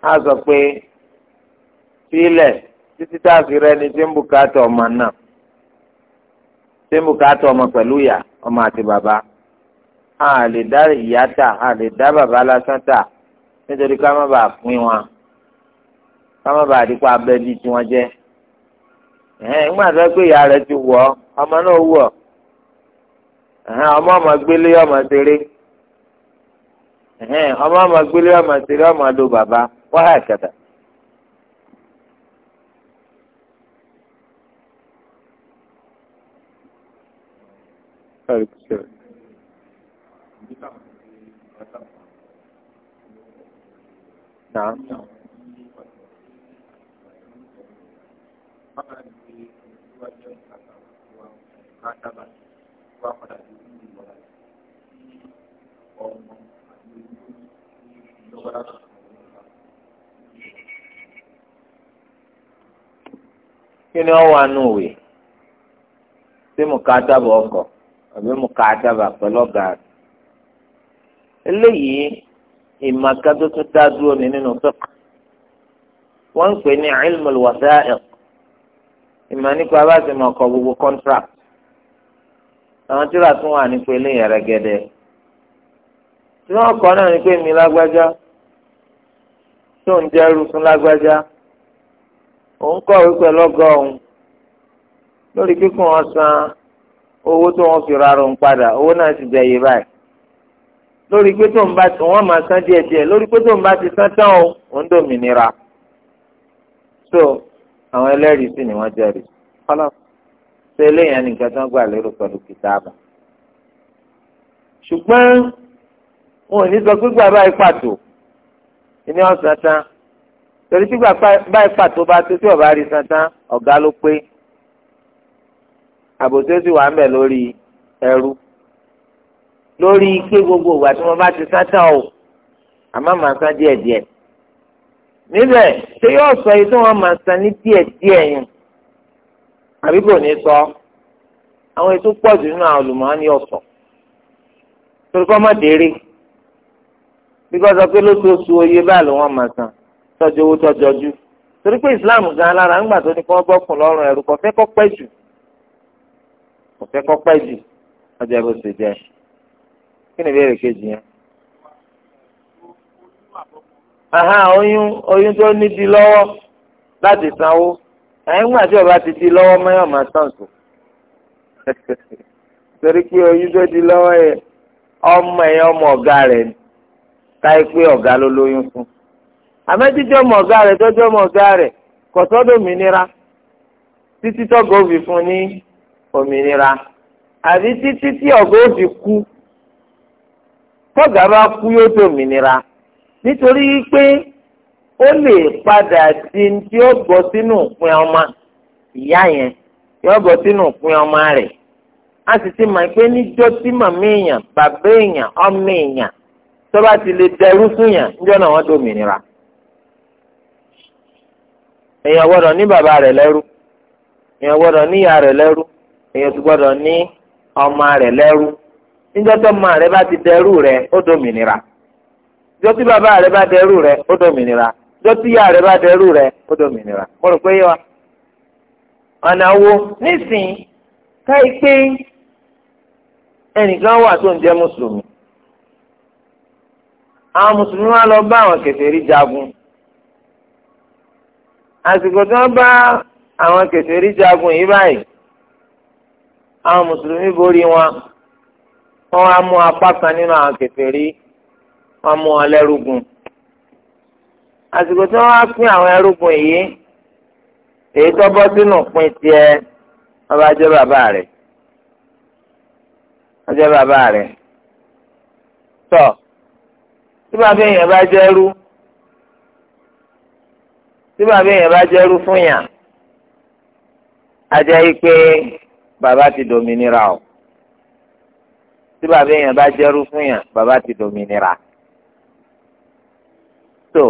á sọ pé sílẹ̀ títí tá a fi tí ń a lè dá ìyá tà a lè dá bàbá lásán tà nítorí ká má bàa pín wọn ká má bàa dípò abẹ́bí tí wọ́n jẹ́ nígbà tó pé ìyá rẹ̀ ti wọ̀ ọmọ náà wọ̀ ọmọ ọmọ gbélé ọmọ tèrè ọmọ ọmọ gbélé ọmọ tèrè ọmọ lo bàbá wáhà kẹta. نعم kí ni ọ wà nù wè sí mùkátàbà ọkọ àbí mùkátàbà pẹ̀lú ọ̀gá eléyìí ìmàkàtó tó dá dúró ní nínú fiqh wọ́n ń pè ní ilmul wasā'iq ìmọ̀ nípa bá ti mọ̀ ọkọ̀ gbogbo contract àwọn tíra tún wà ní pé léyìn ẹ̀rẹ́gẹ́dẹ́ tí wọ́n kọ́ náà ní pé mi lágbájá tó ń jẹ́rú fún lágbájá òun kọ̀wé pẹ̀lú ọgọ́ òun lórí kíkún wọn san owó tó wọn fi rárun padà owó náà ti dẹ̀yẹ báyìí lórí pé tó ń bá tí wọ́n máa san díẹ̀ díẹ̀ lórí pé tó ń bá ti san tán o òun dòmìnira so àwọn ẹlẹ́rìí sì ni wọ́n jẹ́rìí kọ́lá ṣe eléyàn nìkan tó ń gbà lérò pẹ̀lú kìtàbà ṣùgbọ́n wọn ò ní sọ pé gbàgbà ìpàtó ìní ọ̀sán tán torí tí gbàgbà ìpàtó bá tó tí ọ̀bá rí san tán ọ̀gá ló pé àbòsí ó sì wà ń bẹ̀ lórí ẹrú lórí pé gbogbo ìgbà tí wọ́n bá ti sátá o àmọ́ màá sá díẹ̀ díẹ̀ níbẹ̀ ṣé yóò sọ yìí tí wọ́n máa sá ní díẹ̀ díẹ̀ yẹn àbí kò ní sọ àwọn ètò pọ̀ jù nínú àwọn olùmọ̀ọ́ ni ọ̀sọ̀ torí kọ́ mọ̀ déré bíkọ́sọ pé lóṣooṣù oyè báà ló wọ́n máa tọ́jú owó tọ́jú ọjú torí pé Islam gan lára ńgbà tó ní kí wọ́n bọ́kùn lọ́rùn ẹ̀rù kò fẹ́ kó pẹ́ jù kò fẹ́ kó pẹ́ jù ọjọ́ ìbò ṣe jẹ́ kí ni ìbéèrè kejì yẹn. oyún oyún tó ní di lọ́wọ́ láti sanwó ẹ̀yìn gbà tí ọba ti di lọ́wọ́ mẹ́yàn máa tàn sùn. torí pé oyún tó di lọ́wọ́ yẹn ọmọ ẹ̀yìn ọmọ ọ̀gá rẹ̀ ni káyé pé ọ̀gá ló lóyún fún. àmẹ́jíjọ́ ọmọ ọ̀gá rẹ̀ tọ́jọ́ ọmọ ọ̀gá rẹ̀ kò òmìnira títí tọ́gọ̀ òfin fún ní òmìnira àbí títí tí ọ̀gá òfin kú tọ́gà bá kú yóò dòmìnira nítorí pé ó lè padà di tí ó bọ́ sínú òpin ọmọ ìyá yẹn yóò bọ́ sínú òpin ọmọ rẹ̀ a sì ti mọ̀ pé níjọ́ tí màmí èèyàn bàbá èèyàn ọmọ èèyàn tó bá ti lè dẹrú fún yàn níjọ́ náà wọ́n dòmìnira èèyàn gbọ́dọ̀ ní bàbá rẹ̀ lẹ́rú èèyàn gbọ́dọ̀ ní ìyá rẹ̀ lẹ́rú èèyàn tó gbọ́dọ̀ ní ọmọ rẹ̀ lẹ́rú níjọ́ tó máa rẹ bá ti dẹrú rẹ ó dòmìnira níjọ́ tí bàbá rẹ bá dẹrú rẹ ó dòmìnira níjọ́ tí ìyá rẹ bá dẹrú rẹ ó dòmìnira mo rò pé yé wa. ọ̀nà wo nísìn káyí pé ẹnìkan wà tó ń jẹ́ mùsùlùmí àwọn mùsùlùmí wa lọ bá àwọn kèfèrí jagun àsìkò tí wọ́n bá àwọn kèfèrí jagun yìí báyìí àwọn mùsùlùmí borí wọn wọ́n wá mú apá kan nínú àwọn kèfèrí wọ́n mú wọn lẹ́rúgùn àsìkò tí wọ́n wá pín àwọn ẹrúgùn yìí èyí tó bọ́ sínú pín tiẹ̀ wọ́n bá jẹ́ bàbá rẹ̀ wọ́n jẹ́ bàbá rẹ̀ tọ́ tí bàbá èèyàn bá jẹ́ ẹrú tí bàbá èèyàn bá jẹ́ ẹrú fún yàn á jẹ́ pé bàbá ti dòmìnira o tí bàbá èèyàn bá jẹ́rú fún yàn bàbá ti dòmìnira. tó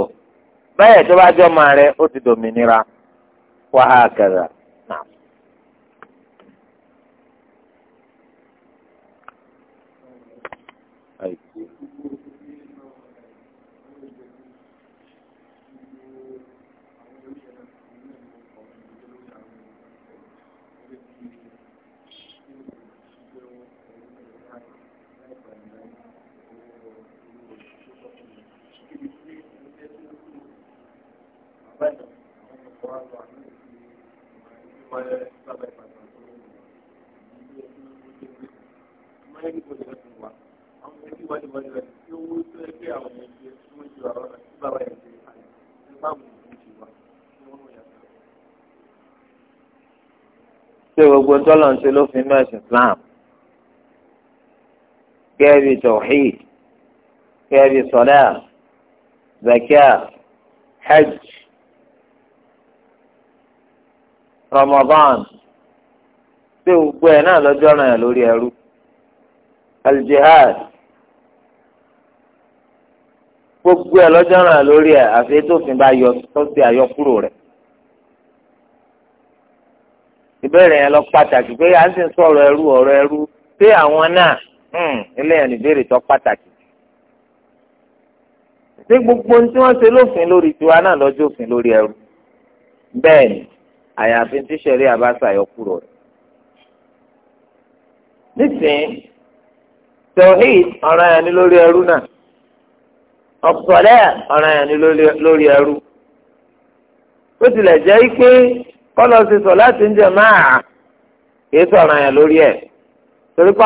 báyẹ̀ tó bá jọ́ máa rẹ ó ti dòmìnira wàhálà kẹrẹ. ṣé gbogbo tọ́lọ̀ ń ṣe ló fi mọ́ ẹ̀sìn Islam gẹ́bí tawhid gẹ́bí sọ́dá zakia hajj. Ramadan pé gbogbo ẹ̀ náà lọ́jọ́ ọ̀ràn yẹn lórí ẹrú aljihad gbogbo ẹ̀ lọ́jọ́ ọ̀ràn lórí ẹ̀ àfi tófin bá yọ tọ́sí àyọkúrò rẹ̀ ìbéèrè yẹn lọ pàtàkì pé à ń sìn sọ̀rọ̀ ẹrú ọ̀rọ̀ ẹrú pé àwọn náà hmm, ilé yẹn ìbéèrè tó pàtàkì ṣé gbogbo ohun tí wọ́n ṣe lófin lórí tiwa náà lọ́jọ́ òfin lórí ẹrú bẹ́ẹ̀ àyàfi tí sẹ̀rí àbáṣà yọ kúrò rẹ̀. nísìnyí tawhid ọ̀ràn yẹn ni lórí ẹrú náà ọ̀pọ̀lẹ́ ọ̀ràn yẹn ni lórí ẹrú. ó tilẹ̀ jẹ́ pé kọ́lọ́ ti sọ láti ń jẹ máa kìí sọ̀ràn yẹn lórí ẹ̀ torí pé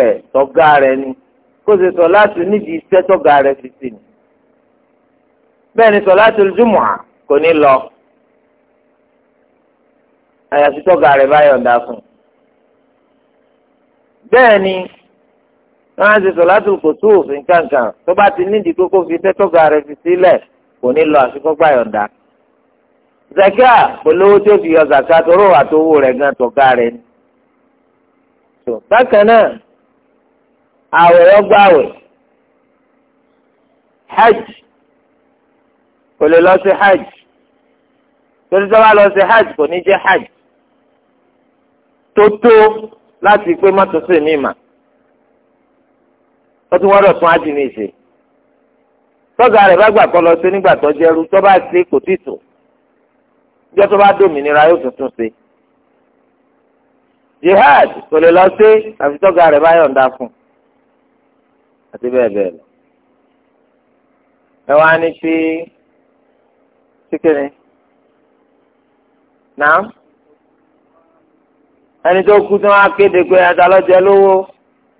rẹ̀ tọ́gá rẹ̀ ni kó ti sọ láti nídìí iṣẹ́ tọ́gá rẹ̀ fi sí ni. bẹ́ẹ̀ ni sọ láti jùmọ̀ kò ní lọ àyàfi tọ́gà rẹ̀ bá yọ̀ǹda fún un. bẹ́ẹ̀ ni wọ́n á ṣe sọ̀látù kò tó òfin kankan tó bá ti nídìí kókó fi tẹ́ tọ́gà rẹ̀ fi sílẹ̀ kò ní lọ àfikọ́ gbà yọ̀ǹda. zakia kò lówó tó fi yọ zakia tó rò àtòwò rẹ̀ gan tọ́gà rẹ̀ ni. bákan náà àwẹ̀ ọgbà hajj kò lè lọ sí hajj torí tó lọ sí hajj kò ní jẹ́ hajj tó tó láti pé má tó sèmi mà wọ́n tún wọ́n rọ̀ tún ájì ní ìṣe tọ́gà rẹ̀ bá gbà kọ́ lọ sí nígbà tó jẹ́rú tó bá ṣe kò tí tò jẹ́ tó bá dòmìnira yóò tuntun ṣe jihad kò lè lọ sí àfi tọ́gà rẹ̀ bá yọ̀ǹda fún àti bẹ́ẹ̀ bẹ́ẹ̀ lọ. ẹ wá ní sí síkìrì náà ẹni tó kú tí wọ́n á pé ẹ̀ta lọ jẹ lówó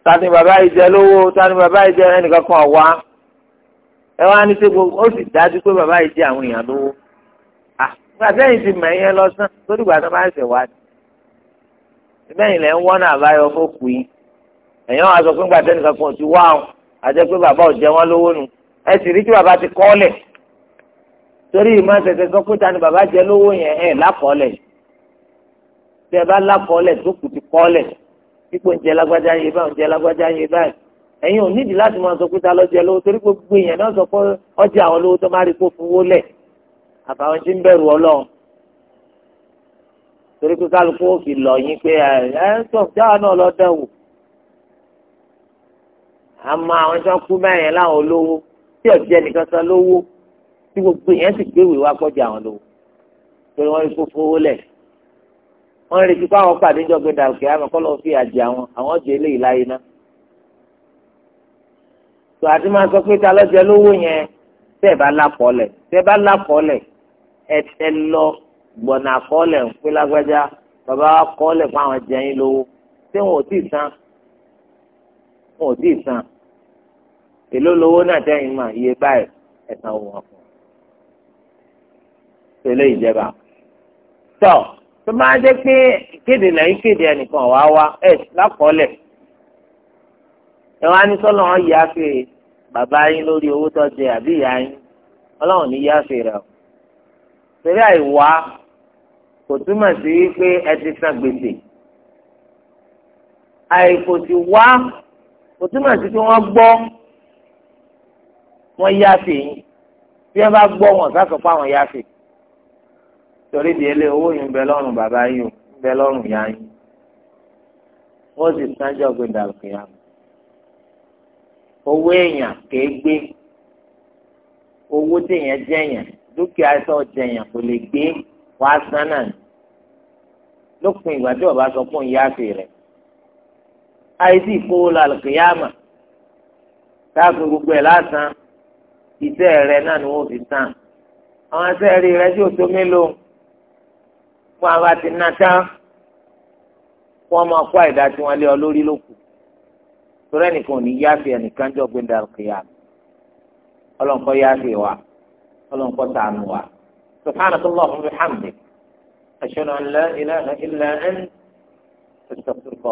tani bàbá yìí jẹ lówó tani bàbá yìí jẹ ẹnìkan kan wá ẹ wá ní sẹ́gun ó sì dájú pé bàbá yìí jẹ àwọn èèyàn lówó gbàtẹ́yìn ti mọ̀ ẹ̀yẹn lọ́sán lórí ìgbà tó bá ń ṣèwà ni ìbẹ́yìn lẹ́ ń wọ́n náà báyọ̀ fókù yìí ẹ̀yìn wọn sọ pé gbàtẹ́yìn kankan ti wá àwọn àti pé bàbá ò jẹ wọ́n lówó nu ẹ sì rí tí bàbá ti kọ́lẹ̀ torí ìmọ̀ tẹ̀tẹ̀ sọ pé ta ni bàbá jẹ lówó yẹn ẹ̀ lákọ́lẹ̀ tẹ bá lákọọlẹ tó kù ti kọọlẹ pípọ̀ ń jẹ lágbájá yé báyìí ń jẹ lágbájá yé báyìí ẹ̀yin ò nídìí láti máa sọ pé ta lọ́jẹ́ lówó torí gbogbo èèyàn náà sọ pé ọjà àwọn lówó tó máa rí kó fowó lẹ̀ àbáwọn tí ń bẹ̀rù ọlọ́run torí pé kálukú ó fi lọ yín pé ẹ ẹ sọ jáwa náà lọ dẹ̀ wò àmọ́ àwọn tí wọ́n kú mẹ́rin láwọn olówó tí ọ̀jẹ́ nìkan san lówó tí gbogbo èèyàn sì gbéwèé wá pọ̀jà àwọn lówó torí wọ́n rí kó fowó lẹ̀ wọ́n retí pé àwọn pàdé jọ gbé dàrú kìá àwọn kọ́lọ́ fi àjẹ àwọn àwọn jẹ eléyìí láyé ná. tó àti máa sọ pé ta lọ́jọ́ lówó yẹn tẹ́ ẹ bá lákọọ́lẹ̀ tẹ́ ẹ bá lákọọ́lẹ̀ ẹ tẹ lọ gbọ̀nà àkọọ́lẹ̀ ń pé lágbájá bàbá wa kọ́ọ́lẹ̀ fún àwọn jẹ lówó tí wọn ò tí ì san wọn ò tí ì san èló lówó náà tẹ́yìn mà iye báyìí ẹ̀sán wọn fún un. ìjẹba tọ́. So, tó máa jẹ́ pé kéde lẹ́yìn kéde ẹnìkan wá wá ẹ̀ lákọọ́lẹ̀ ẹ wá ní sọ́nà wọn yá fi bàbá yín lórí owó tó jẹ àbí ìyá yín ọlọ́run ní yá fi rẹ̀ o torí àìwá kò túmọ̀ sí pé ẹ ti san gbèsè àìkò ti wá kò túmọ̀ sí pé wọ́n gbọ́ wọ́n yá fi yín bí wọ́n bá gbọ́ wọn sáfẹ́ fún àwọn yá fi yín torí di ẹlẹ́ owó yìí ń bẹ lọ́rùn bàbá yìí ń bẹ lọ́rùn ìyá yìí wọ́n sì sájọ́ gbé dàgbìyà owó èèyàn kéé gbé owó téèyàn jẹ̀yàn dúkìá sọ jẹ̀yàn kò lè gbé wá sánà lópin ìgbà tí ọba sọ fún ìyá àti àìsí ìkówó làlùkìyàmà táàkùn gbogbo ẹ̀ lásán iṣẹ́ rẹ̀ náà ni wọ́n fi tàn àwọn iṣẹ́ rí tí ó tó mélòó fún ara ti ná tán kí wọ́n máa kó àìdá tí wọ́n lé ọ lórí lókù torí ẹnìkan ò ní yáàfin ẹnìkan jọ gbé dàrúkìyà ọlọ́nkọ́ yáàfin wa ọlọ́nkọ́ sànù wa subhanaka wa bihamdik ashhadu an la ilaha illa anta astaghfiruka